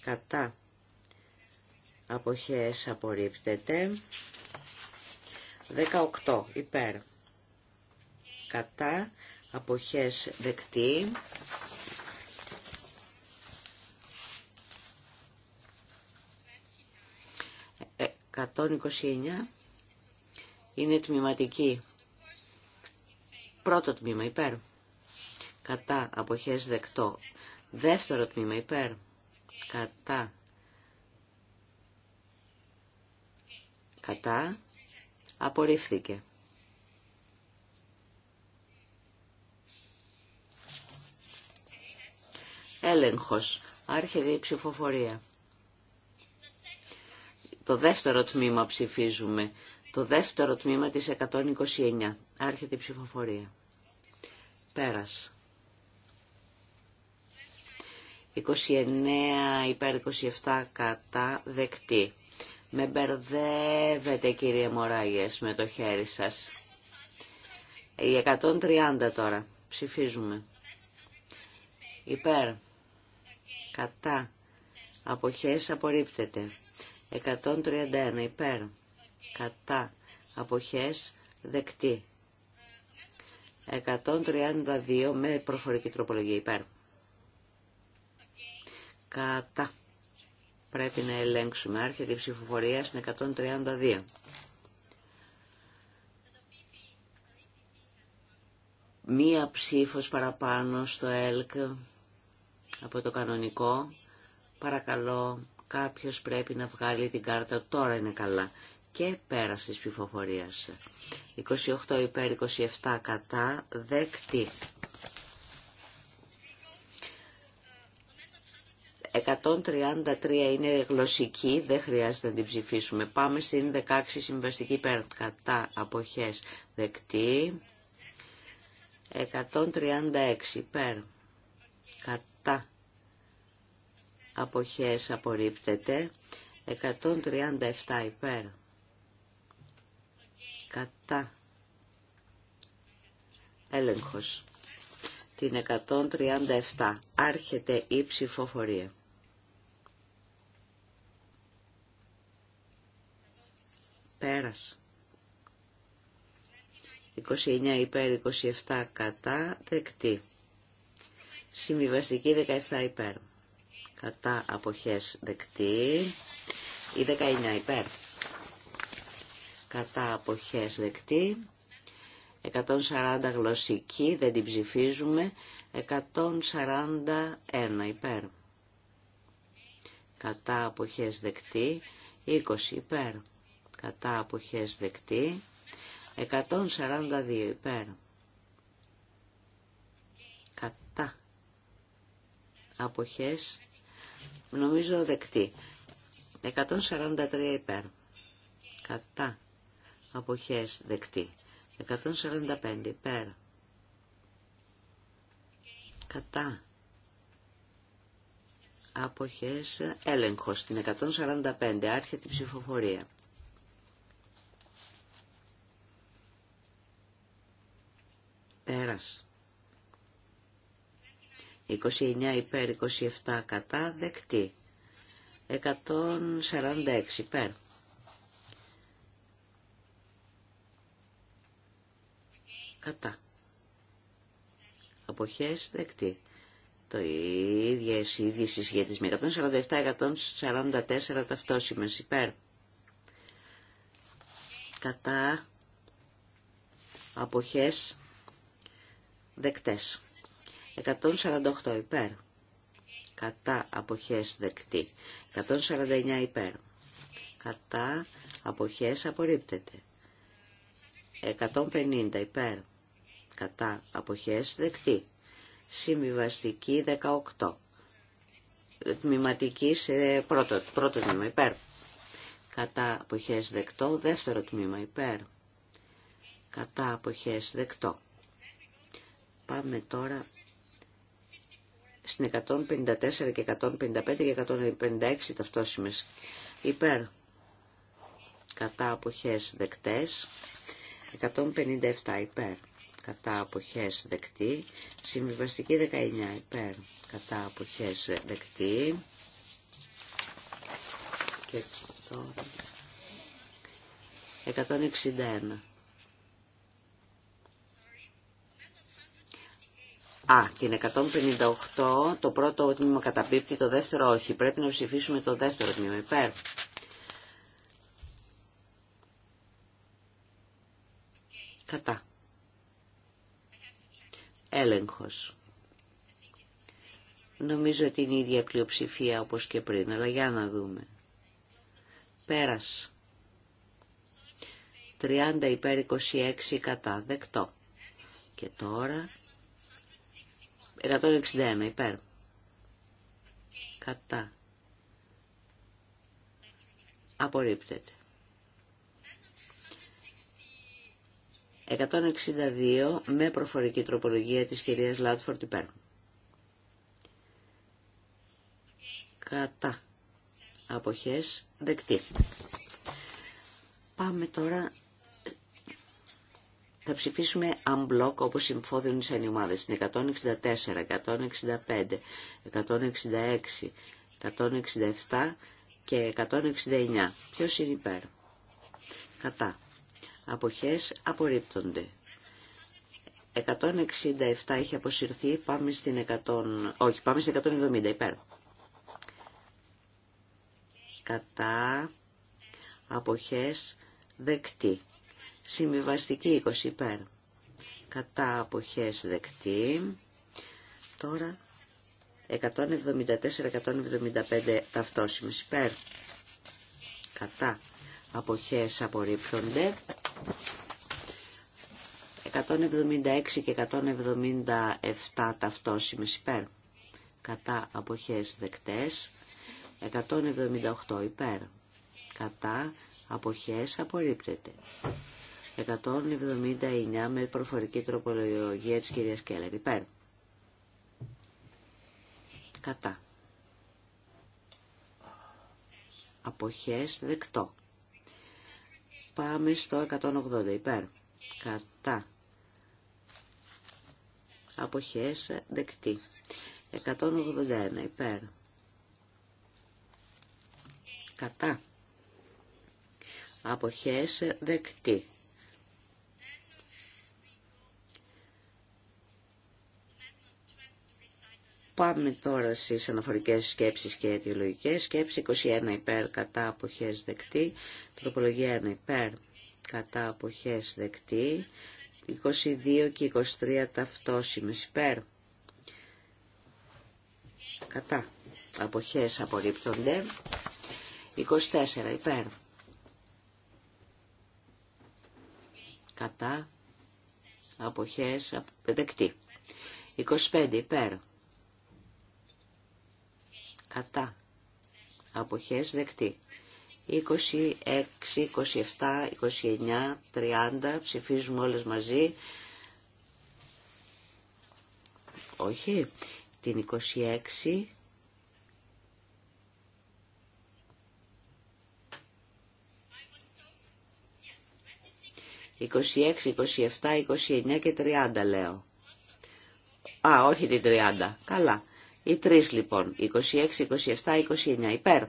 κατά αποχές απορρίπτεται. 18 υπέρ κατά αποχές δεκτή. 129 είναι τμηματική. Πρώτο τμήμα υπέρ. Κατά αποχές δεκτό. Δεύτερο τμήμα υπέρ. Κατά. Κατά. Απορρίφθηκε. Έλεγχος. Άρχεται η ψηφοφορία. Το δεύτερο τμήμα ψηφίζουμε. Το δεύτερο τμήμα της 129. Άρχεται η ψηφοφορία. Πέρας. 29 υπέρ 27 κατά δεκτή. Με μπερδεύετε κύριε Μωράγες με το χέρι σας. Η 130 τώρα. Ψηφίζουμε. Υπέρ. Κατά. Αποχές απορρίπτεται. 131 υπέρ κατά αποχές δεκτή 132 με προφορική τροπολογία υπέρ κατά πρέπει να ελέγξουμε άρχεται η ψηφοφορία στην 132 Μία ψήφος παραπάνω στο ΕΛΚ από το κανονικό. Παρακαλώ Κάποιος πρέπει να βγάλει την κάρτα τώρα είναι καλά. Και πέρα της ψηφοφορίας. 28 υπέρ 27 κατά δεκτή. 133 είναι γλωσσική, δεν χρειάζεται να την ψηφίσουμε. Πάμε στην 16 συμβαστική υπέρ κατά αποχές δεκτή. 136 υπέρ κατά αποχές απορρίπτεται 137 υπέρ κατά έλεγχος την 137 άρχεται η ψηφοφορία πέρας 29 υπέρ 27 κατά δεκτή συμβιβαστική 17 υπέρ κατά αποχές δεκτή. Η 19 υπέρ κατά αποχές δεκτή. 140 γλωσσική, δεν την ψηφίζουμε. 141 υπέρ. Κατά αποχές δεκτή. 20 υπέρ. Κατά αποχές δεκτή. 142 υπέρ. Κατά αποχές νομίζω δεκτή. 143 υπέρ. Κατά. Αποχές δεκτή. 145 υπέρ. Κατά. Αποχές έλεγχος. Στην 145 άρχεται η ψηφοφορία. Πέρας. 29 υπέρ, 27 κατά, δεκτή. 146 υπέρ. Κατά. Αποχές δεκτή. Το ιδια για τις συσχετισμοί. 147-144 ταυτόσημες υπέρ. Κατά. Αποχές δεκτές. 148 υπέρ. Κατά αποχές δεκτή. 149 υπέρ. Κατά αποχές απορρίπτεται. 150 υπέρ. Κατά αποχές δεκτή. Συμβιβαστική 18. Τμηματική σε πρώτο, πρώτο τμήμα υπέρ. Κατά αποχές δεκτό. Δεύτερο τμήμα υπέρ. Κατά αποχές δεκτό. Πάμε τώρα στην 154 και 155 και 156 ταυτόσημες Υπέρ κατά αποχές δεκτές, 157 υπέρ κατά αποχές δεκτή, συμβιβαστική 19 υπέρ κατά αποχές δεκτή και τώρα 161 Α, την 158, το πρώτο τμήμα καταπίπτει, το δεύτερο όχι. Πρέπει να ψηφίσουμε το δεύτερο τμήμα. Υπέρ. Κατά. Έλεγχος. Νομίζω ότι είναι η ίδια πλειοψηφία όπως και πριν, αλλά για να δούμε. Πέρας. 30 υπέρ 26 κατά. Δεκτό. Και τώρα 161 υπέρ. Κατά. Απορρίπτεται. 162 με προφορική τροπολογία της κυρίας Λάτφορτ υπέρ. Κατά. Αποχές δεκτή. Πάμε τώρα θα ψηφίσουμε unblock όπως συμφώδουν οι σανιωμάδες Είναι 164, 165, 166, 167 και 169. Ποιος είναι υπέρ. Κατά. Αποχές απορρίπτονται. 167 έχει αποσυρθεί. Πάμε στην 100... Όχι, πάμε στην 170 υπέρ. Κατά. Αποχές δεκτή. Συμβιβαστική 20 υπέρ. Κατά αποχές δεκτή. Τώρα 174-175 ταυτόσιμες υπέρ. Κατά αποχές απορρίπτονται. 176 και 177 ταυτόσιμες υπέρ. Κατά αποχές δεκτές. 178 υπέρ. Κατά αποχές απορρίπτεται. 179 με προφορική τροπολογία της κυρίας Κέλλερ. Υπέρ. Κατά. Αποχές δεκτό. Πάμε στο 180. Υπέρ. Κατά. Αποχές δεκτή. 181. Υπέρ. Κατά. Αποχές δεκτή. Πάμε τώρα στις αναφορικές σκέψεις και αιτιολογικές. σκέψεις. 21 υπέρ κατά αποχές δεκτή. Τροπολογία 1 υπέρ κατά αποχές δεκτή. 22 και 23 ταυτόσιμες υπέρ. Κατά. Αποχές απορρίπτονται. 24 υπέρ. Κατά. Αποχές δεκτή. 25 υπέρ κατά αποχές δεκτή. 26, 27, 29, 30 ψηφίζουμε όλες μαζί. Όχι, την 26... «26, 27, 29 και 30 λέω». «Α, όχι την 30. Καλά. Οι τρεις λοιπόν, 26, 27, 29, υπέρ.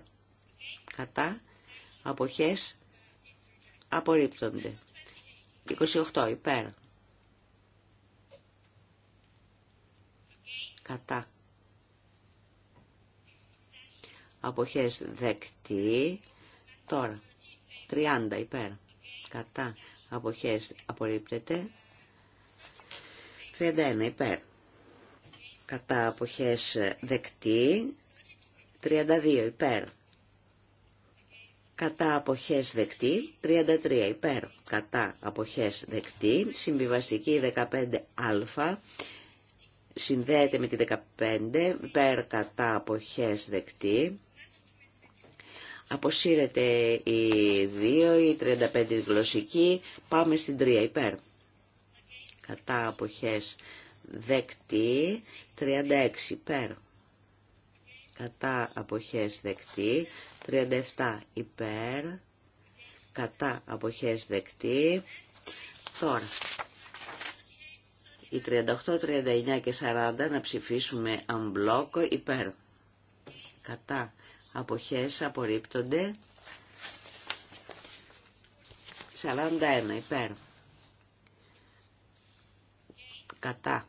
Κατά, αποχές, απορρίπτονται. 28, υπέρ. Κατά. Αποχές δεκτή. Τώρα, 30 υπέρ. Κατά. Αποχές απορρίπτεται. 31 υπέρ κατά αποχές δεκτή 32 υπέρ κατά αποχές δεκτή 33 υπέρ κατά αποχές δεκτή συμβιβαστική 15α συνδέεται με τη 15 υπέρ κατά αποχές δεκτή αποσύρεται η 2 η 35 γλωσσική πάμε στην 3 υπέρ κατά αποχές δεκτή 36 υπέρ κατά αποχές δεκτή 37 υπέρ κατά αποχές δεκτή τώρα οι 38, 39 και 40 να ψηφίσουμε αμπλόκ υπέρ κατά αποχές απορρίπτονται 41 υπέρ κατά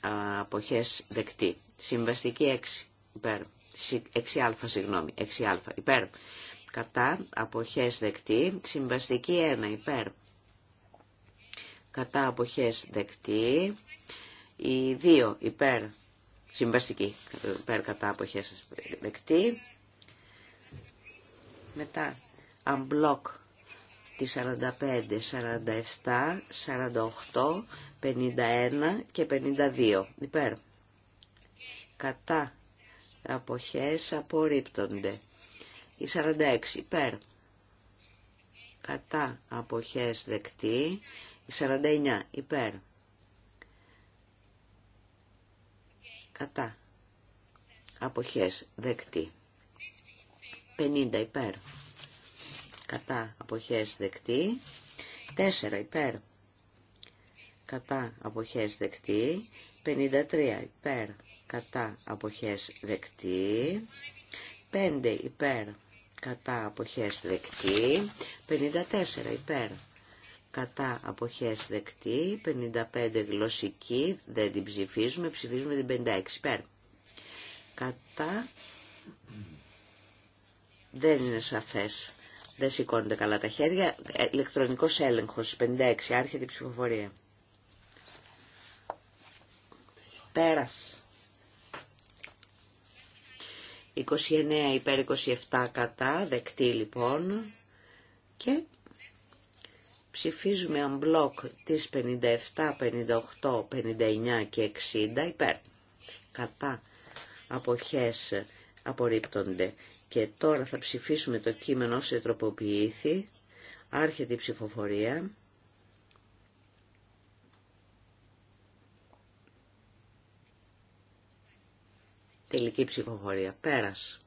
αποχές δεκτή. Συμβαστική 6 υπέρ. 6α, συγγνώμη, 6α υπέρ. Κατά αποχές δεκτή. Συμβαστική 1 υπέρ. Κατά αποχές δεκτή. Η 2 υπέρ. Συμβαστική υπέρ κατά αποχές δεκτή. Μετά, unblock τη 45, 47, 48, 51 και 52 υπέρ κατά αποχές απορρίπτονται η 46 υπέρ κατά αποχές δεκτή η 49 υπέρ κατά αποχές δεκτή 50 υπέρ κατά αποχές δεκτή 4 υπέρ κατά αποχές δεκτή, 53 υπέρ κατά αποχές δεκτή, 5 υπέρ κατά αποχές δεκτή, 54 υπέρ κατά αποχές δεκτή, 55 γλωσσική, δεν την ψηφίζουμε, ψηφίζουμε την 56 υπέρ. Κατά δεν είναι σαφές. Δεν σηκώνονται καλά τα χέρια. Ε, ηλεκτρονικός έλεγχος, 56, άρχεται η ψηφοφορία. Πέρας. 29 υπέρ 27 κατά, δεκτή λοιπόν. Και ψηφίζουμε μπλοκ τις 57, 58, 59 και 60 υπέρ. Κατά αποχές απορρίπτονται. Και τώρα θα ψηφίσουμε το κείμενο σε τροποποιήθη. Άρχεται η ψηφοφορία. Τελική ψηφοφορία. Πέρας.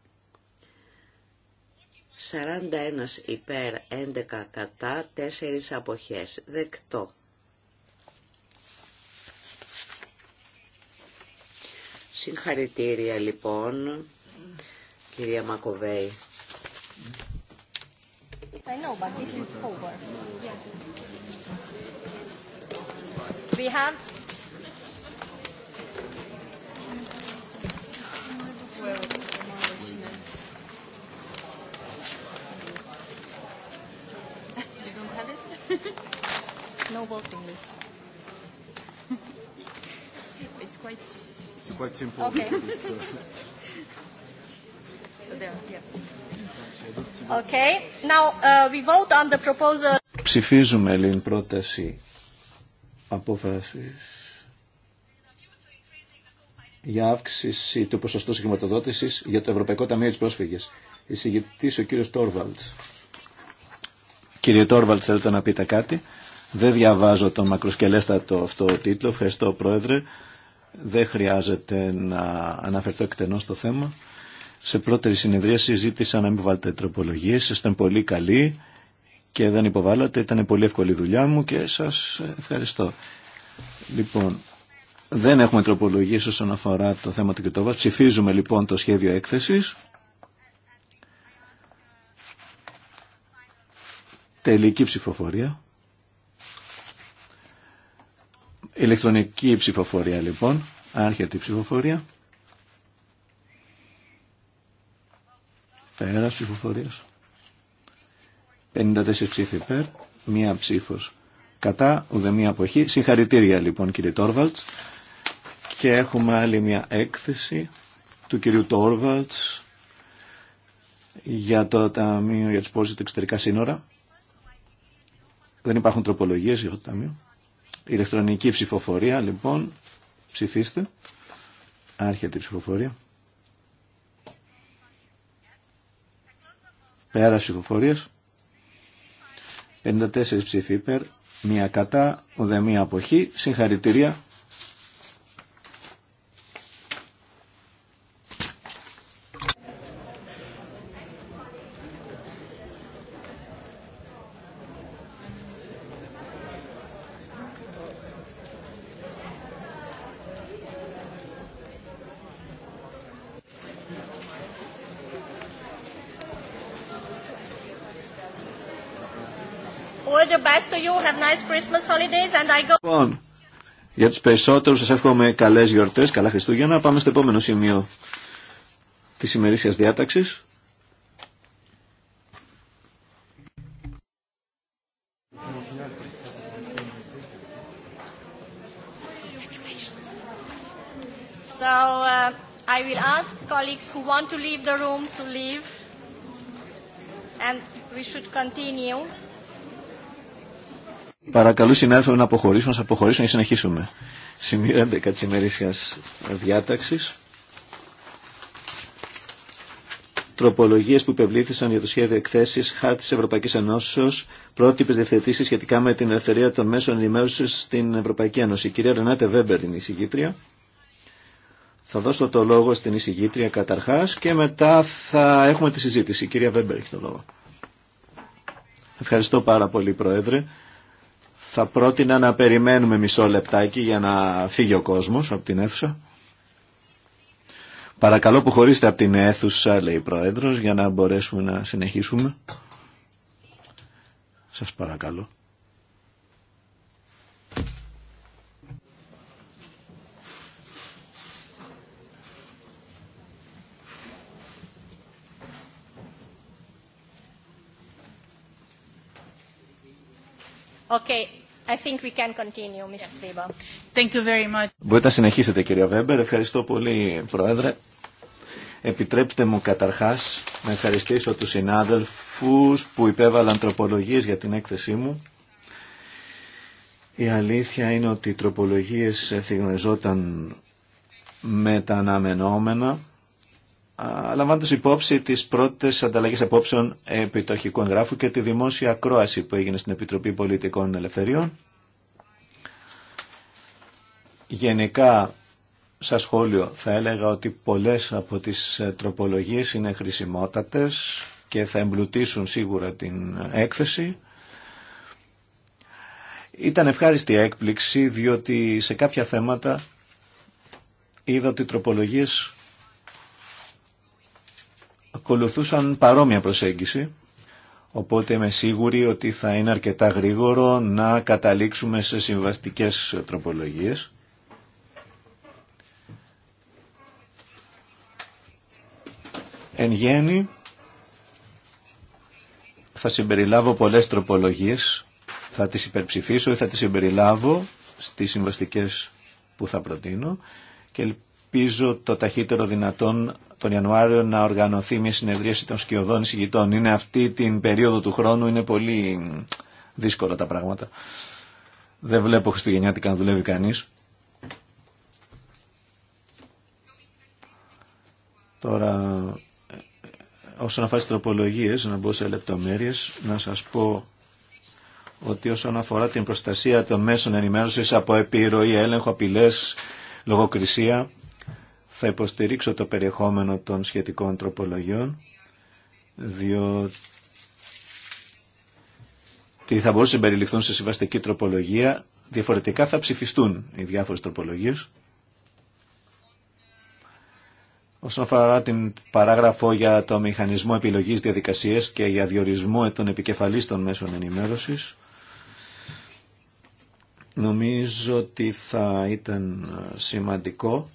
41 υπέρ, 11 κατά, 4 αποχές. Δεκτό. Συγχαρητήρια λοιπόν, κυρία Μακοβέη. We have no voting list. it's quite. It's quite simple. Okay. okay. Now uh, we vote on the proposal. Ψηφίζουμε την πρόταση απόφασης για αύξηση του ποσοστού χρηματοδότηση για το Ευρωπαϊκό Ταμείο τη Πρόσφυγε. Εισηγητή ο κύριο Τόρβαλτ. Κύριε Τόρβαλτ, θέλετε να πείτε κάτι. Δεν διαβάζω τον μακροσκελέστατο αυτό τίτλο. Ευχαριστώ, Πρόεδρε. Δεν χρειάζεται να αναφερθώ εκτενώ στο θέμα. Σε πρώτερη συνεδρία συζήτησα να μην βάλετε τροπολογίε. Ήσασταν πολύ καλοί και δεν υποβάλλατε. Ήταν πολύ εύκολη δουλειά μου και σα ευχαριστώ. Λοιπόν, δεν έχουμε τροπολογίες όσον αφορά το θέμα του Κιτόβα. Ψηφίζουμε λοιπόν το σχέδιο έκθεσης. Τελική ψηφοφορία. Ηλεκτρονική ψηφοφορία λοιπόν. Άρχεται η ψηφοφορία. Πέρα ψηφοφορίας. 54 ψήφοι υπέρ, μία ψήφος κατά, ουδεμία αποχή. Συγχαρητήρια λοιπόν κύριε Τόρβαλτς. Και έχουμε άλλη μια έκθεση του κυρίου Τόρβαλτς για το Ταμείο για τις πόλεις του Εξωτερικά Σύνορα. Δεν υπάρχουν τροπολογίες για αυτό το Ταμείο. Ηλεκτρονική ψηφοφορία, λοιπόν, ψηφίστε. Άρχεται η ψηφοφορία. Πέρα ψηφοφορίας. 54 ψηφίπερ. μία κατά, μία αποχή. Συγχαρητήρια nice Christmas holidays and I go... Λοιπόν, για τους περισσότερους σας εύχομαι καλές γιορτές, καλά Χριστούγεννα. Πάμε στο επόμενο σημείο της ημερήσιας διάταξης. So uh, I will ask colleagues who want to leave the room to leave and we should continue. Παρακαλώ συνάδελφοι να αποχωρήσουμε, να αποχωρήσουν και συνεχίσουμε. Σημείο 11 της ημερήσιας διάταξης. Τροπολογίες που υπευλήθησαν για το σχέδιο εκθέσεις χάρτης Ευρωπαϊκής Ενώσεως, πρότυπες διευθετήσεις σχετικά με την ελευθερία των μέσων ενημέρωσης στην Ευρωπαϊκή Ένωση. Η κυρία Ρενάτε Βέμπερ, την εισηγήτρια. Θα δώσω το λόγο στην εισηγήτρια καταρχάς και μετά θα έχουμε τη συζήτηση. Η κυρία Βέμπερ έχει το λόγο. Ευχαριστώ πάρα πολύ, Πρόεδρε. Θα πρότεινα να περιμένουμε μισό λεπτάκι για να φύγει ο κόσμος από την αίθουσα. Παρακαλώ που χωρίστε από την αίθουσα, λέει η Πρόεδρος, για να μπορέσουμε να συνεχίσουμε. Σας παρακαλώ. Okay. Μπορείτε να συνεχίσετε κυρία Βέμπερ. Ευχαριστώ πολύ Πρόεδρε. Επιτρέψτε μου καταρχάς να ευχαριστήσω τους συνάδελφους που υπέβαλαν τροπολογίες για την έκθεσή μου. Η αλήθεια είναι ότι οι τροπολογίες ευθυγνωριζόταν με τα αναμενόμενα λαμβάνοντας υπόψη τις πρώτες ανταλλαγές απόψεων επί το εγγράφου και τη δημόσια ακρόαση που έγινε στην Επιτροπή Πολιτικών Ελευθεριών. Γενικά, σαν σχόλιο, θα έλεγα ότι πολλές από τις ε, τροπολογίες είναι χρησιμότατες και θα εμπλουτίσουν σίγουρα την ε, έκθεση. Ήταν ευχάριστη έκπληξη διότι σε κάποια θέματα είδα ότι οι τροπολογίες ακολουθούσαν παρόμοια προσέγγιση, οπότε είμαι σίγουρη ότι θα είναι αρκετά γρήγορο να καταλήξουμε σε συμβαστικές τροπολογίες. Εν γέννη, θα συμπεριλάβω πολλές τροπολογίες, θα τις υπερψηφίσω ή θα τις συμπεριλάβω στις συμβαστικές που θα προτείνω και ελπίζω το ταχύτερο δυνατόν τον Ιανουάριο να οργανωθεί μια συνεδρίαση των σκιωδών εισηγητών. Είναι αυτή την περίοδο του χρόνου, είναι πολύ δύσκολα τα πράγματα. Δεν βλέπω Χριστουγεννιάτικα να δουλεύει κανείς. Τώρα, όσον αφορά τις τροπολογίες, να μπω σε λεπτομέρειες, να σας πω ότι όσον αφορά την προστασία των μέσων ενημέρωσης από επιρροή, έλεγχο, απειλές, λογοκρισία, θα υποστηρίξω το περιεχόμενο των σχετικών τροπολογιών, διότι θα μπορούσαν να συμπεριληφθούν σε συμβαστική τροπολογία, διαφορετικά θα ψηφιστούν οι διάφορες τροπολογίες. Όσον αφορά την παράγραφο για το μηχανισμό επιλογής διαδικασίες και για διορισμό των επικεφαλής των μέσων ενημέρωσης, νομίζω ότι θα ήταν σημαντικό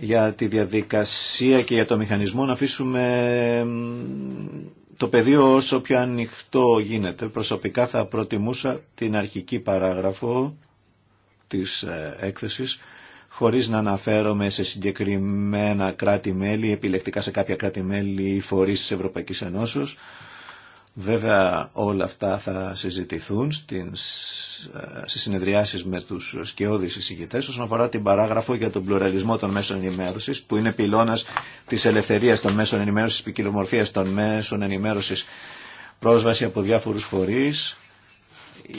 για τη διαδικασία και για το μηχανισμό να αφήσουμε το πεδίο όσο πιο ανοιχτό γίνεται. Προσωπικά θα προτιμούσα την αρχική παράγραφο της ε, έκθεσης χωρίς να αναφέρομαι σε συγκεκριμένα κράτη-μέλη, επιλεκτικά σε κάποια κράτη-μέλη ή φορείς της Ευρωπαϊκής Ενώσεως. Βέβαια όλα αυτά θα συζητηθούν ε, στις συνεδριάσεις με τους σκιώδεις εισηγητές όσον αφορά την παράγραφο για τον πλουραλισμό των μέσων ενημέρωσης που είναι πυλώνας της ελευθερίας των μέσων ενημέρωσης, ποικιλομορφίας των μέσων ενημέρωσης, πρόσβαση από διάφορους φορείς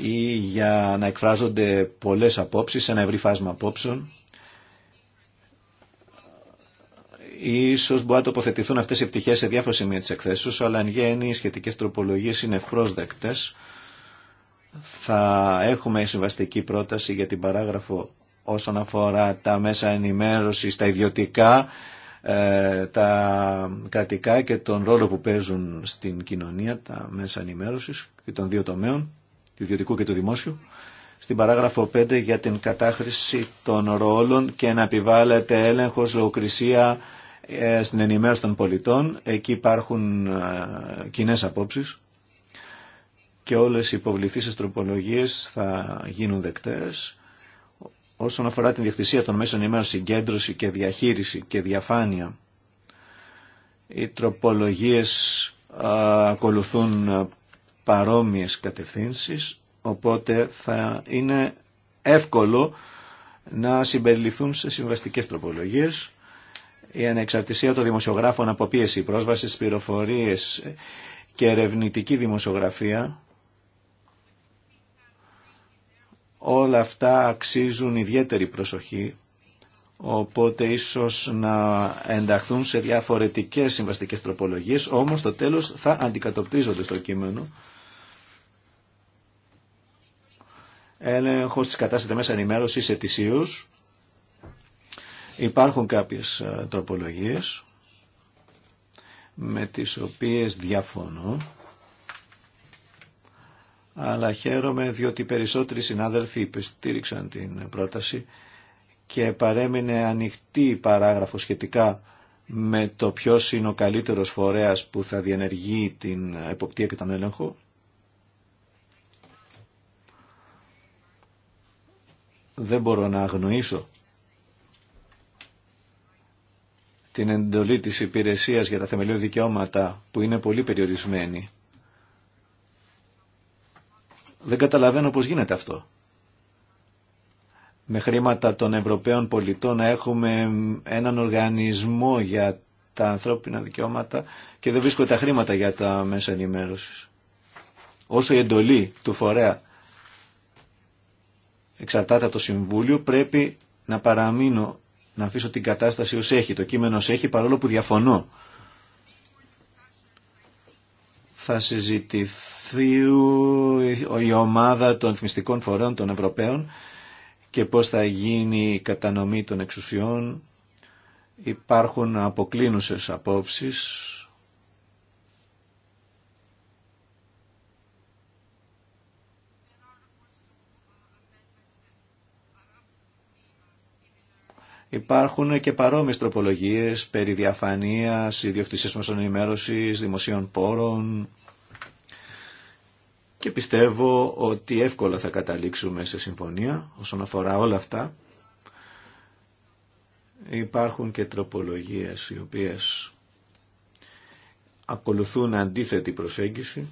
ή για να εκφράζονται πολλές απόψεις, ένα ευρύ φάσμα απόψεων Ίσως μπορεί να τοποθετηθούν αυτέ οι πτυχέ σε διάφορα σημεία τη εκθέσεω, αλλά αν γέννη οι σχετικέ τροπολογίε είναι ευπρόσδεκτε. Θα έχουμε συμβαστική πρόταση για την παράγραφο όσον αφορά τα μέσα ενημέρωση, τα ιδιωτικά, ε, τα κρατικά και τον ρόλο που παίζουν στην κοινωνία τα μέσα ενημέρωση και των δύο τομέων, του ιδιωτικού και του δημόσιου. Στην παράγραφο 5 για την κατάχρηση των ρόλων και να επιβάλλεται έλεγχος, λογοκρισία, ε, στην ενημέρωση των πολιτών. Εκεί υπάρχουν ε, κοινέ απόψεις και όλες οι υποβληθήσει τροπολογίες θα γίνουν δεκτές. Όσον αφορά την διεκτησία των μέσων ενημέρωση, συγκέντρωση και διαχείριση και διαφάνεια, οι τροπολογίες ε, ακολουθούν παρόμοιε κατευθύνσεις, οπότε θα είναι εύκολο να συμπεριληφθούν σε συμβαστικές τροπολογίες η ανεξαρτησία των δημοσιογράφων από πίεση, πρόσβαση στις πληροφορίες και ερευνητική δημοσιογραφία, όλα αυτά αξίζουν ιδιαίτερη προσοχή, οπότε ίσως να ενταχθούν σε διαφορετικές συμβαστικές τροπολογίες, όμως το τέλος θα αντικατοπτρίζονται στο κείμενο. Έλεγχος της κατάστασης μέσα ενημέρωσης ετησίως, Υπάρχουν κάποιες ε, τροπολογίες με τις οποίες διαφωνώ αλλά χαίρομαι διότι περισσότεροι συνάδελφοι υπεστήριξαν την πρόταση και παρέμεινε ανοιχτή η παράγραφο σχετικά με το ποιο είναι ο καλύτερος φορέας που θα διενεργεί την εποπτεία και τον έλεγχο. Δεν μπορώ να αγνοήσω την εντολή της υπηρεσίας για τα θεμελιώδη δικαιώματα που είναι πολύ περιορισμένη. Δεν καταλαβαίνω πώς γίνεται αυτό. Με χρήματα των Ευρωπαίων πολιτών να έχουμε έναν οργανισμό για τα ανθρώπινα δικαιώματα και δεν βρίσκονται τα χρήματα για τα μέσα ενημέρωσης. Όσο η εντολή του φορέα εξαρτάται από το Συμβούλιο πρέπει να παραμείνω να αφήσω την κατάσταση ως έχει, το κείμενο ως έχει, παρόλο που διαφωνώ. Θα συζητηθεί η ομάδα των θυμιστικών φορέων των Ευρωπαίων και πώς θα γίνει η κατανομή των εξουσιών. Υπάρχουν αποκλίνουσες απόψεις Υπάρχουν και παρόμοιες τροπολογίες περί διαφανείας, ιδιοκτησίας μέσων δημοσίων πόρων και πιστεύω ότι εύκολα θα καταλήξουμε σε συμφωνία όσον αφορά όλα αυτά. Υπάρχουν και τροπολογίες οι οποίες ακολουθούν αντίθετη προσέγγιση,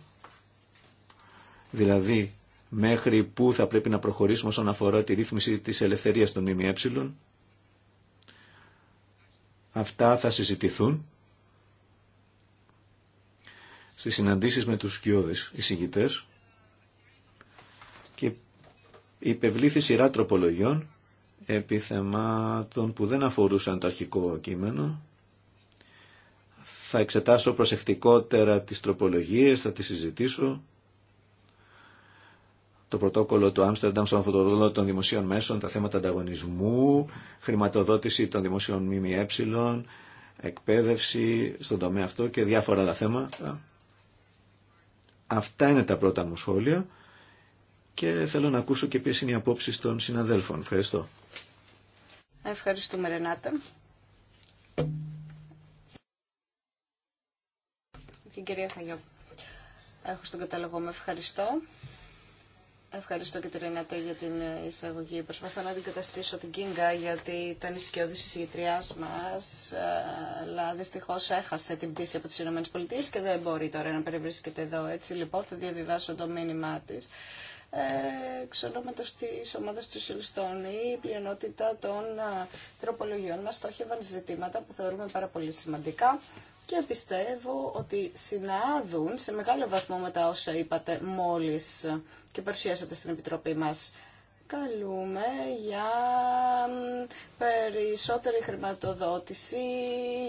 δηλαδή μέχρι πού θα πρέπει να προχωρήσουμε όσον αφορά τη ρύθμιση της ελευθερίας των ΜΜΕ Αυτά θα συζητηθούν στις συναντήσεις με τους σκιώδες εισηγητές και υπευλήθη σειρά τροπολογιών επί θεμάτων που δεν αφορούσαν το αρχικό κείμενο. Θα εξετάσω προσεκτικότερα τις τροπολογίες, θα τις συζητήσω το πρωτόκολλο του Άμστερνταμ στον φωτοβολό των δημοσίων μέσων, τα θέματα ανταγωνισμού, χρηματοδότηση των δημοσίων ΜΜΕ, εκπαίδευση στον τομέα αυτό και διάφορα άλλα θέματα. Αυτά είναι τα πρώτα μου σχόλια και θέλω να ακούσω και ποιες είναι οι απόψεις των συναδέλφων. Ευχαριστώ. Ευχαριστούμε Ρενάτα. Την κυρία Έχω στον κατάλογο με ευχαριστώ. Ευχαριστώ και τη Ρινατέ για την εισαγωγή. Προσπαθώ να αντικαταστήσω την Κίνγκα γιατί ήταν η σκιώδη συζητριά μα, αλλά δυστυχώ έχασε την πτήση από τις ΗΠΑ και δεν μπορεί τώρα να περιβρίσκεται εδώ. Έτσι λοιπόν θα διαβιβάσω το μήνυμά της ε, εξ το τη ομάδα του Σιλστών. Η πλειονότητα των ε, τροπολογιών μας στόχευαν ζητήματα που θεωρούμε πάρα πολύ σημαντικά και πιστεύω ότι συνάδουν σε μεγάλο βαθμό με τα όσα είπατε μόλις και παρουσιάσατε στην Επιτροπή μας. Καλούμε για περισσότερη χρηματοδότηση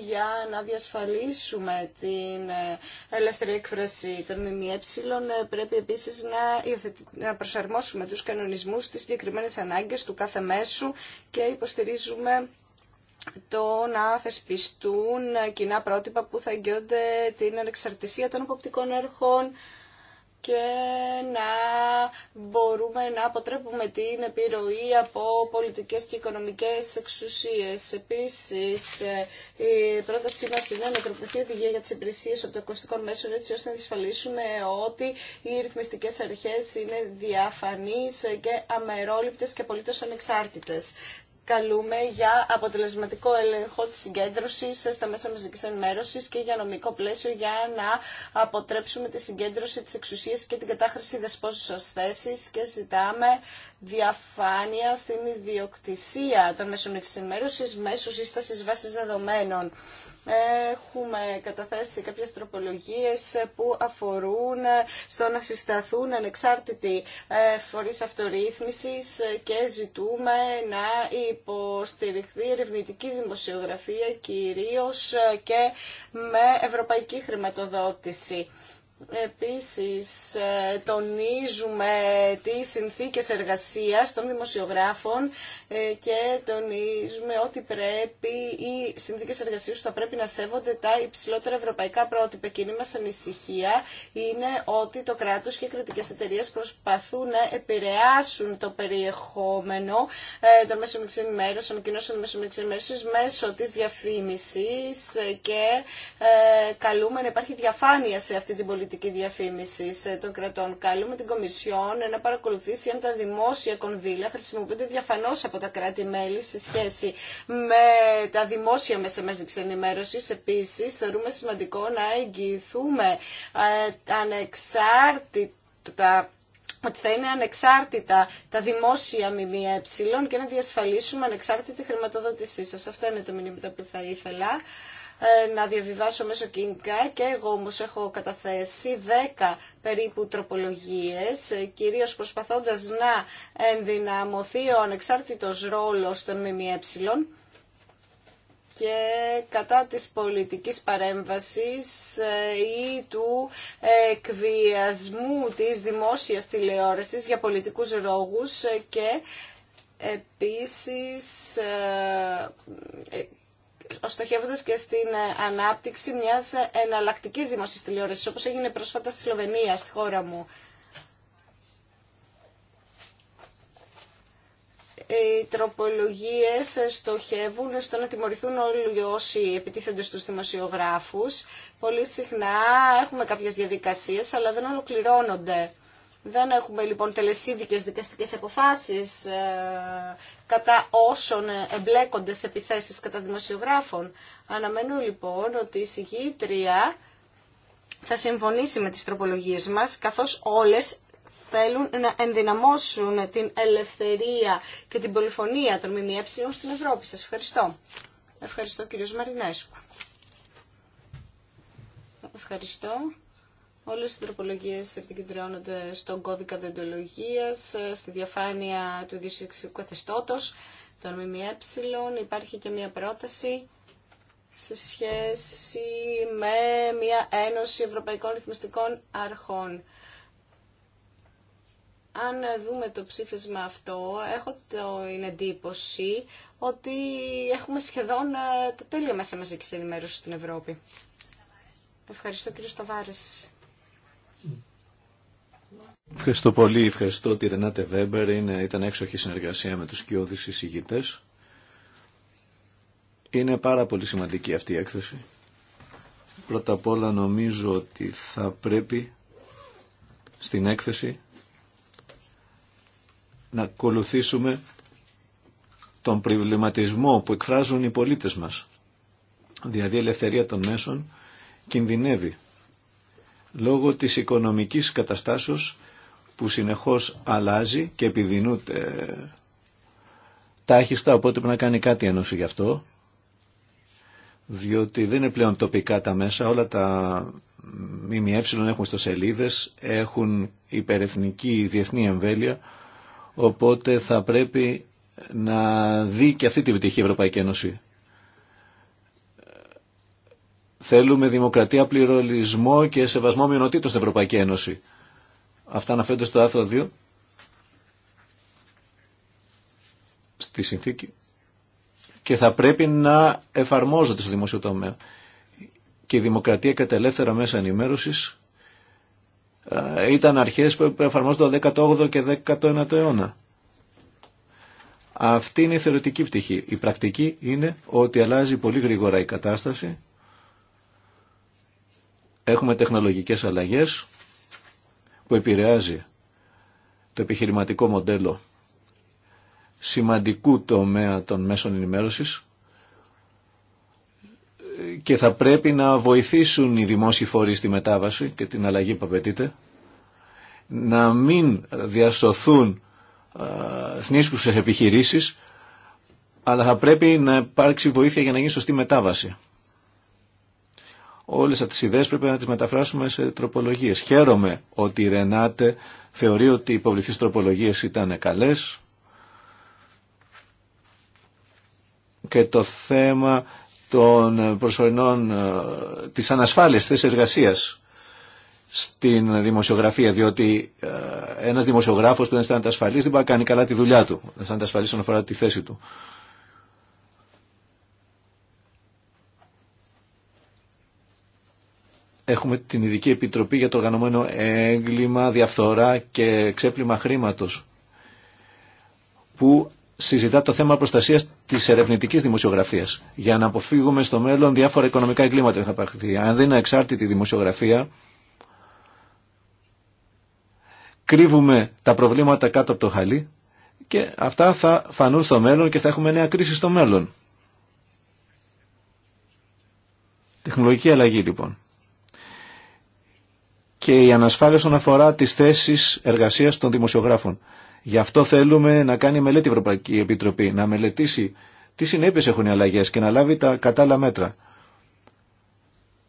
για να διασφαλίσουμε την ε, ελεύθερη έκφραση των ΜΜΕ. Πρέπει επίσης να προσαρμόσουμε τους κανονισμούς στις συγκεκριμένε ανάγκες του κάθε μέσου και υποστηρίζουμε το να θεσπιστούν κοινά πρότυπα που θα εγγυώνται την ανεξαρτησία των αποπτικών έρχων και να μπορούμε να αποτρέπουμε την επιρροή από πολιτικές και οικονομικές εξουσίες. Επίσης, η πρότασή μας είναι να τροποποιηθεί οδηγία για τις υπηρεσίες ακουστικό μέσων έτσι ώστε να διασφαλίσουμε ότι οι ρυθμιστικές αρχές είναι διαφανείς και αμερόληπτες και απολύτως ανεξάρτητες καλούμε για αποτελεσματικό έλεγχο της συγκέντρωσης στα μέσα μαζικής ενημέρωσης και για νομικό πλαίσιο για να αποτρέψουμε τη συγκέντρωση της εξουσίας και την κατάχρηση δεσπόζουσας θέσης και ζητάμε διαφάνεια στην ιδιοκτησία των μέσων ενημέρωσης μέσω σύστασης βάσης δεδομένων έχουμε καταθέσει κάποιες τροπολογίες που αφορούν στο να συσταθούν ανεξάρτητοι ε, φορείς αυτορύθμισης και ζητούμε να υποστηριχθεί ερευνητική δημοσιογραφία κυρίως και με ευρωπαϊκή χρηματοδότηση. Επίσης, ε, τονίζουμε τις συνθήκες εργασίας των δημοσιογράφων ε, και τονίζουμε ότι πρέπει οι συνθήκες εργασίας θα πρέπει να σέβονται τα υψηλότερα ευρωπαϊκά πρότυπα. Εκείνη μας ανησυχία είναι ότι το κράτος και οι κρατικές εταιρείες προσπαθούν να επηρεάσουν το περιεχόμενο ε, των μέσων ενημέρωσης, ανακοινώσεων των μέσων μέσω της διαφήμισης και καλούμε να υπάρχει διαφάνεια σε αυτή την πολιτική πολιτική διαφήμιση ε, των κρατών. Καλούμε την Κομισιόν ε, να παρακολουθήσει αν τα δημόσια κονδύλια χρησιμοποιούνται διαφανώ από τα κράτη-μέλη σε σχέση με τα δημόσια μέσα μαζική ενημέρωση. Επίση, θεωρούμε σημαντικό να εγγυηθούμε ε, ανεξάρτητα ότι θα είναι ανεξάρτητα τα δημόσια ΜΜΕ και να διασφαλίσουμε ανεξάρτητη χρηματοδότησή σας. Αυτά είναι τα μηνύματα που θα ήθελα ε, να διαβιβάσω μέσω Κίνκα και εγώ όμως έχω καταθέσει 10 περίπου τροπολογίες, ε, κυρίως προσπαθώντας να ενδυναμωθεί ο ανεξάρτητος ρόλος των ΜΜΕ και κατά της πολιτικής παρέμβασης ε, ή του εκβιασμού της δημόσιας τηλεόρασης για πολιτικούς ρόγους και επίσης στοχεύοντα και στην ε, ανάπτυξη μια ε, εναλλακτική δημόσια τηλεόραση, όπως έγινε πρόσφατα στη Σλοβενία, στη χώρα μου. οι τροπολογίε ε, στοχεύουν στο να τιμωρηθούν όλοι όσοι επιτίθενται στου δημοσιογράφου. Πολύ συχνά έχουμε κάποιε διαδικασίε, αλλά δεν ολοκληρώνονται. Δεν έχουμε λοιπόν τελεσίδικες δικαστικές αποφάσεις ε, κατά όσων ε, εμπλέκονται σε επιθέσεις κατά δημοσιογράφων. Αναμένω λοιπόν ότι η συγκήτρια θα συμφωνήσει με τις τροπολογίες μας, καθώς όλες θέλουν να ενδυναμώσουν την ελευθερία και την πολυφωνία των ΜΜΕ στην Ευρώπη. Σας ευχαριστώ. Ευχαριστώ κύριος Μαρινέσκου. Ευχαριστώ. Όλες οι τροπολογίες επικεντρώνονται στον κώδικα δεντολογίας, ε, στη διαφάνεια του διευθυντικού καθεστώτος, των ΜΜΕ. Υπάρχει και μια πρόταση σε σχέση με μια Ένωση Ευρωπαϊκών Ρυθμιστικών Αρχών. Αν δούμε το ψήφισμα αυτό, έχω την εντύπωση ότι έχουμε σχεδόν ε, τα τέλεια μέσα μαζικής ενημέρωση στην Ευρώπη. Ευχαριστώ κύριε Σταβάρης. Ευχαριστώ πολύ. Ευχαριστώ τη Ρενάτε Βέμπερ. Είναι, ήταν έξοχη συνεργασία με τους κοιόδης εισηγητές. Είναι πάρα πολύ σημαντική αυτή η έκθεση. Πρώτα απ' όλα νομίζω ότι θα πρέπει στην έκθεση να ακολουθήσουμε τον προβληματισμό που εκφράζουν οι πολίτες μας. Δηλαδή η ελευθερία των μέσων κινδυνεύει λόγω της οικονομικής καταστάσεως που συνεχώς αλλάζει και επιδεινούνται τάχιστα, οπότε πρέπει να κάνει κάτι ένωση γι' αυτό, διότι δεν είναι πλέον τοπικά τα μέσα, όλα τα ΜΜΕ έχουν στο σελίδες, έχουν υπερεθνική διεθνή εμβέλεια, οπότε θα πρέπει να δει και αυτή την επιτυχία η Ευρωπαϊκή Ένωση. Θέλουμε δημοκρατία, πληρολισμό και σεβασμό μειονοτήτων στην Ευρωπαϊκή Ένωση. Αυτά αναφέρονται στο άρθρο 2 στη συνθήκη και θα πρέπει να εφαρμόζονται στο δημόσιο τομέα. Και η δημοκρατία και τα ελεύθερα μέσα ενημέρωση. Ε, ήταν αρχές που εφαρμόζονται το 18ο και 19ο αιώνα. Αυτή είναι η θεωρητική πτυχή. Η πρακτική είναι ότι αλλάζει πολύ γρήγορα η κατάσταση. Έχουμε τεχνολογικές αλλαγές που επηρεάζει το επιχειρηματικό μοντέλο σημαντικού τομέα των μέσων ενημέρωσης και θα πρέπει να βοηθήσουν οι δημόσιοι φορείς στη μετάβαση και την αλλαγή που απαιτείται να μην διασωθούν θνήσκουσες επιχειρήσεις αλλά θα πρέπει να υπάρξει βοήθεια για να γίνει σωστή μετάβαση όλες αυτές τι ιδέες πρέπει να τις μεταφράσουμε σε τροπολογίες. Χαίρομαι ότι η Ρενάτε θεωρεί ότι οι υποβληθεί τροπολογίες ήταν καλές και το θέμα των προσωρινών ε, της ανασφάλειας της εργασίας στην δημοσιογραφία, διότι ε, ένας δημοσιογράφος που δεν αισθάνεται ασφαλής δεν πάει να κάνει καλά τη δουλειά του, δεν αισθάνεται ασφαλής όσον αφορά τη θέση του. Έχουμε την Ειδική Επιτροπή για το Οργανωμένο Έγκλημα, Διαφθορά και Ξέπλυμα Χρήματος που συζητά το θέμα προστασίας της ερευνητικής δημοσιογραφίας για να αποφύγουμε στο μέλλον διάφορα οικονομικά εγκλήματα που θα υπάρχουν. Αν δεν είναι εξάρτητη δημοσιογραφία κρύβουμε τα προβλήματα κάτω από το χαλί και αυτά θα φανούν στο μέλλον και θα έχουμε νέα κρίση στο μέλλον. Τεχνολογική αλλαγή λοιπόν και η ανασφάλεια όσον αφορά τις θέσεις εργασίας των δημοσιογράφων. Γι' αυτό θέλουμε να κάνει μελέτη η Ευρωπαϊκή Επιτροπή, να μελετήσει τι συνέπειες έχουν οι αλλαγές και να λάβει τα κατάλληλα μέτρα.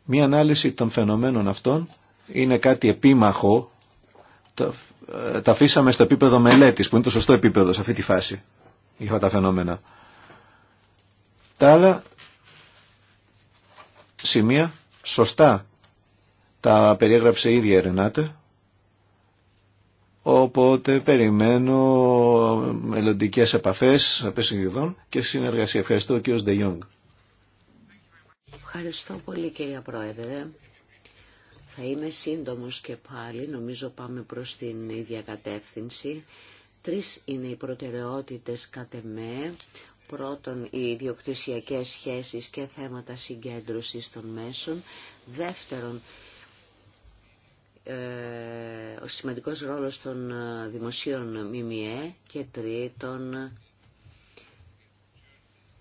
Μία ανάλυση των φαινομένων αυτών είναι κάτι επίμαχο, τα ε, αφήσαμε στο επίπεδο μελέτης, που είναι το σωστό επίπεδο σε αυτή τη φάση, για τα φαινόμενα. Τα άλλα σημεία σωστά τα περιέγραψε η ίδια Ρενάτα. Οπότε περιμένω μελλοντικέ επαφέ απέσυνδεδών και συνεργασία. Ευχαριστώ ο κύριο Ιόγκ Ευχαριστώ πολύ κύριε Πρόεδρε. Θα είμαι σύντομος και πάλι, νομίζω πάμε προς την ίδια κατεύθυνση. είναι οι προτεραιότητες κατ' εμέ. Πρώτον, οι ιδιοκτησιακές σχέσεις και θέματα συγκέντρωσης των μέσων. Δεύτερον, ε, ο σημαντικός ρόλος των ε, δημοσίων ΜΜΕ και τρίτον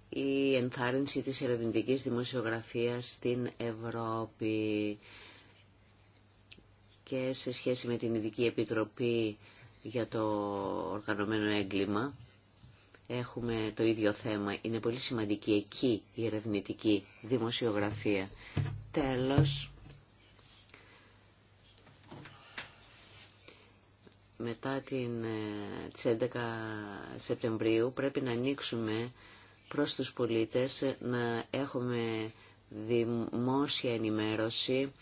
η ενθάρρυνση της ερευνητικής δημοσιογραφίας στην Ευρώπη και σε σχέση με την Ειδική Επιτροπή για το Οργανωμένο Έγκλημα έχουμε το ίδιο θέμα. Είναι πολύ σημαντική εκεί η ερευνητική δημοσιογραφία. Τέλος, μετά την, ε, τις 11 Σεπτεμβρίου πρέπει να ανοίξουμε προς τους πολίτες ε, να έχουμε δημόσια ενημέρωση,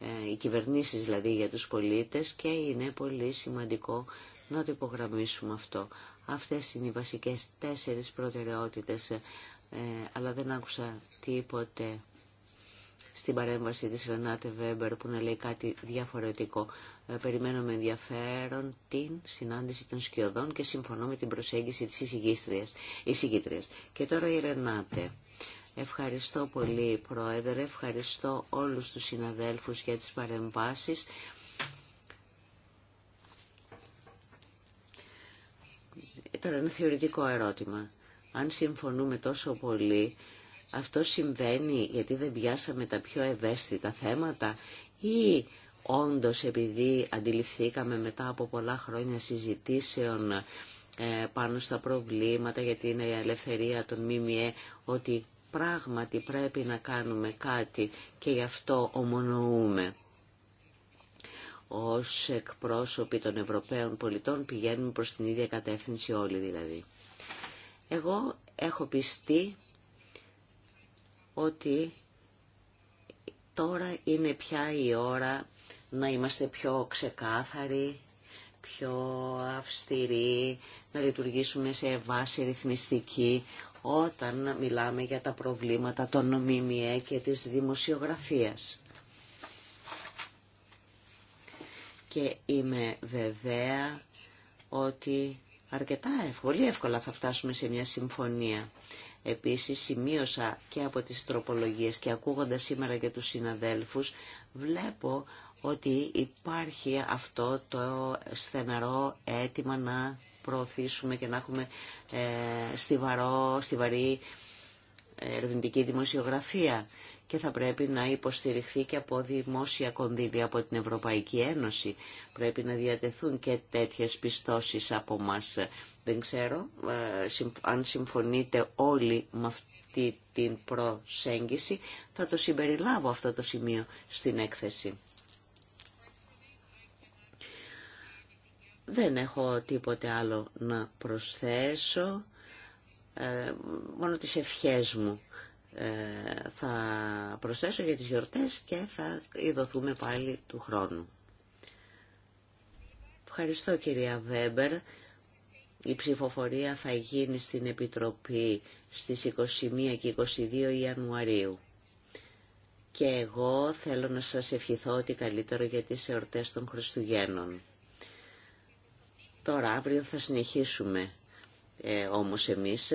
ε, οι κυβερνήσεις δηλαδή για τους πολίτες και είναι πολύ σημαντικό να το υπογραμμίσουμε αυτό. Αυτές είναι οι βασικές τέσσερις προτεραιότητες, αλλά δεν άκουσα τίποτε στην παρέμβαση της Ρενάτε Βέμπερ που να λέει κάτι διαφορετικό. Ε, περιμένω με ενδιαφέρον την συνάντηση των σκιωδών και συμφωνώ με την προσέγγιση της εισηγήτριας. Και τώρα η Ρενάτε. Ευχαριστώ πολύ Πρόεδρε, ευχαριστώ όλους τους συναδέλφους για τις παρεμβάσεις. Ε, τώρα είναι θεωρητικό ερώτημα. Αν συμφωνούμε τόσο πολύ αυτό συμβαίνει γιατί δεν πιάσαμε τα πιο ευαίσθητα θέματα ή όντως επειδή αντιληφθήκαμε μετά από πολλά χρόνια συζητήσεων ε, πάνω στα προβλήματα γιατι ειναι η ελευθερία των ΜΜΕ ότι πράγματι πρέπει να κάνουμε κάτι και γι' αυτό ομονοούμε. Ως εκπρόσωποι των Ευρωπαίων πολιτών πηγαίνουμε προς την ίδια κατεύθυνση όλοι δηλαδή. Εγώ έχω πιστεί ότι τώρα είναι πια η ώρα να είμαστε πιο ξεκάθαροι, πιο αυστηροί, να λειτουργήσουμε σε βάση ρυθμιστική όταν μιλάμε για τα προβλήματα των ΜΜΕ και της δημοσιογραφίας. Και είμαι βεβαία ότι αρκετά πολύ εύκολα θα φτάσουμε σε μια συμφωνία. Επίσης σημείωσα και από τις τροπολογίες και ακούγοντας σήμερα και τους συναδέλφους βλέπω ότι υπάρχει αυτό το στεναρό αίτημα να προωθήσουμε και να έχουμε ε, στιβαρό, στιβαρή ε, ερευνητική δημοσιογραφία και θα πρέπει να υποστηριχθεί και από δημόσια κονδύλια από την Ευρωπαϊκή Ένωση. Πρέπει να διατεθούν και τέτοιες πιστώσεις από μας. Δεν ξέρω ε, αν συμφωνείτε όλοι με αυτή την προσέγγιση. Θα το συμπεριλάβω αυτό το σημείο στην έκθεση. Δεν έχω τίποτε άλλο να προσθέσω, ε, μόνο τις ευχές μου ε, θα προσθέσω για τις γιορτές και θα ειδωθούμε πάλι του χρόνου. Ευχαριστώ κυρία Βέμπερ. Η ψηφοφορία θα γίνει στην Επιτροπή στις 21 και 22 Ιανουαρίου. Και εγώ θέλω να σας ευχηθώ ότι καλύτερο για τις εορτές των Χριστουγέννων. Τώρα αύριο θα συνεχίσουμε ε, όμως εμείς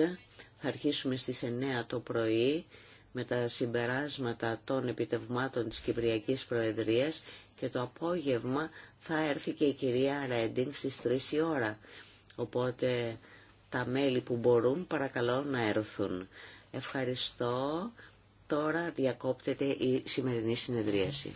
θα αρχίσουμε στις 9 το πρωί με τα συμπεράσματα των επιτευμάτων της Κυπριακής Προεδρίας και το απόγευμα θα έρθει και η κυρία Ρέντινγκ στις 3 η ώρα. Οπότε τα μέλη που μπορούν παρακαλώ να έρθουν. Ευχαριστώ. Τώρα διακόπτεται η σημερινή συνεδρίαση.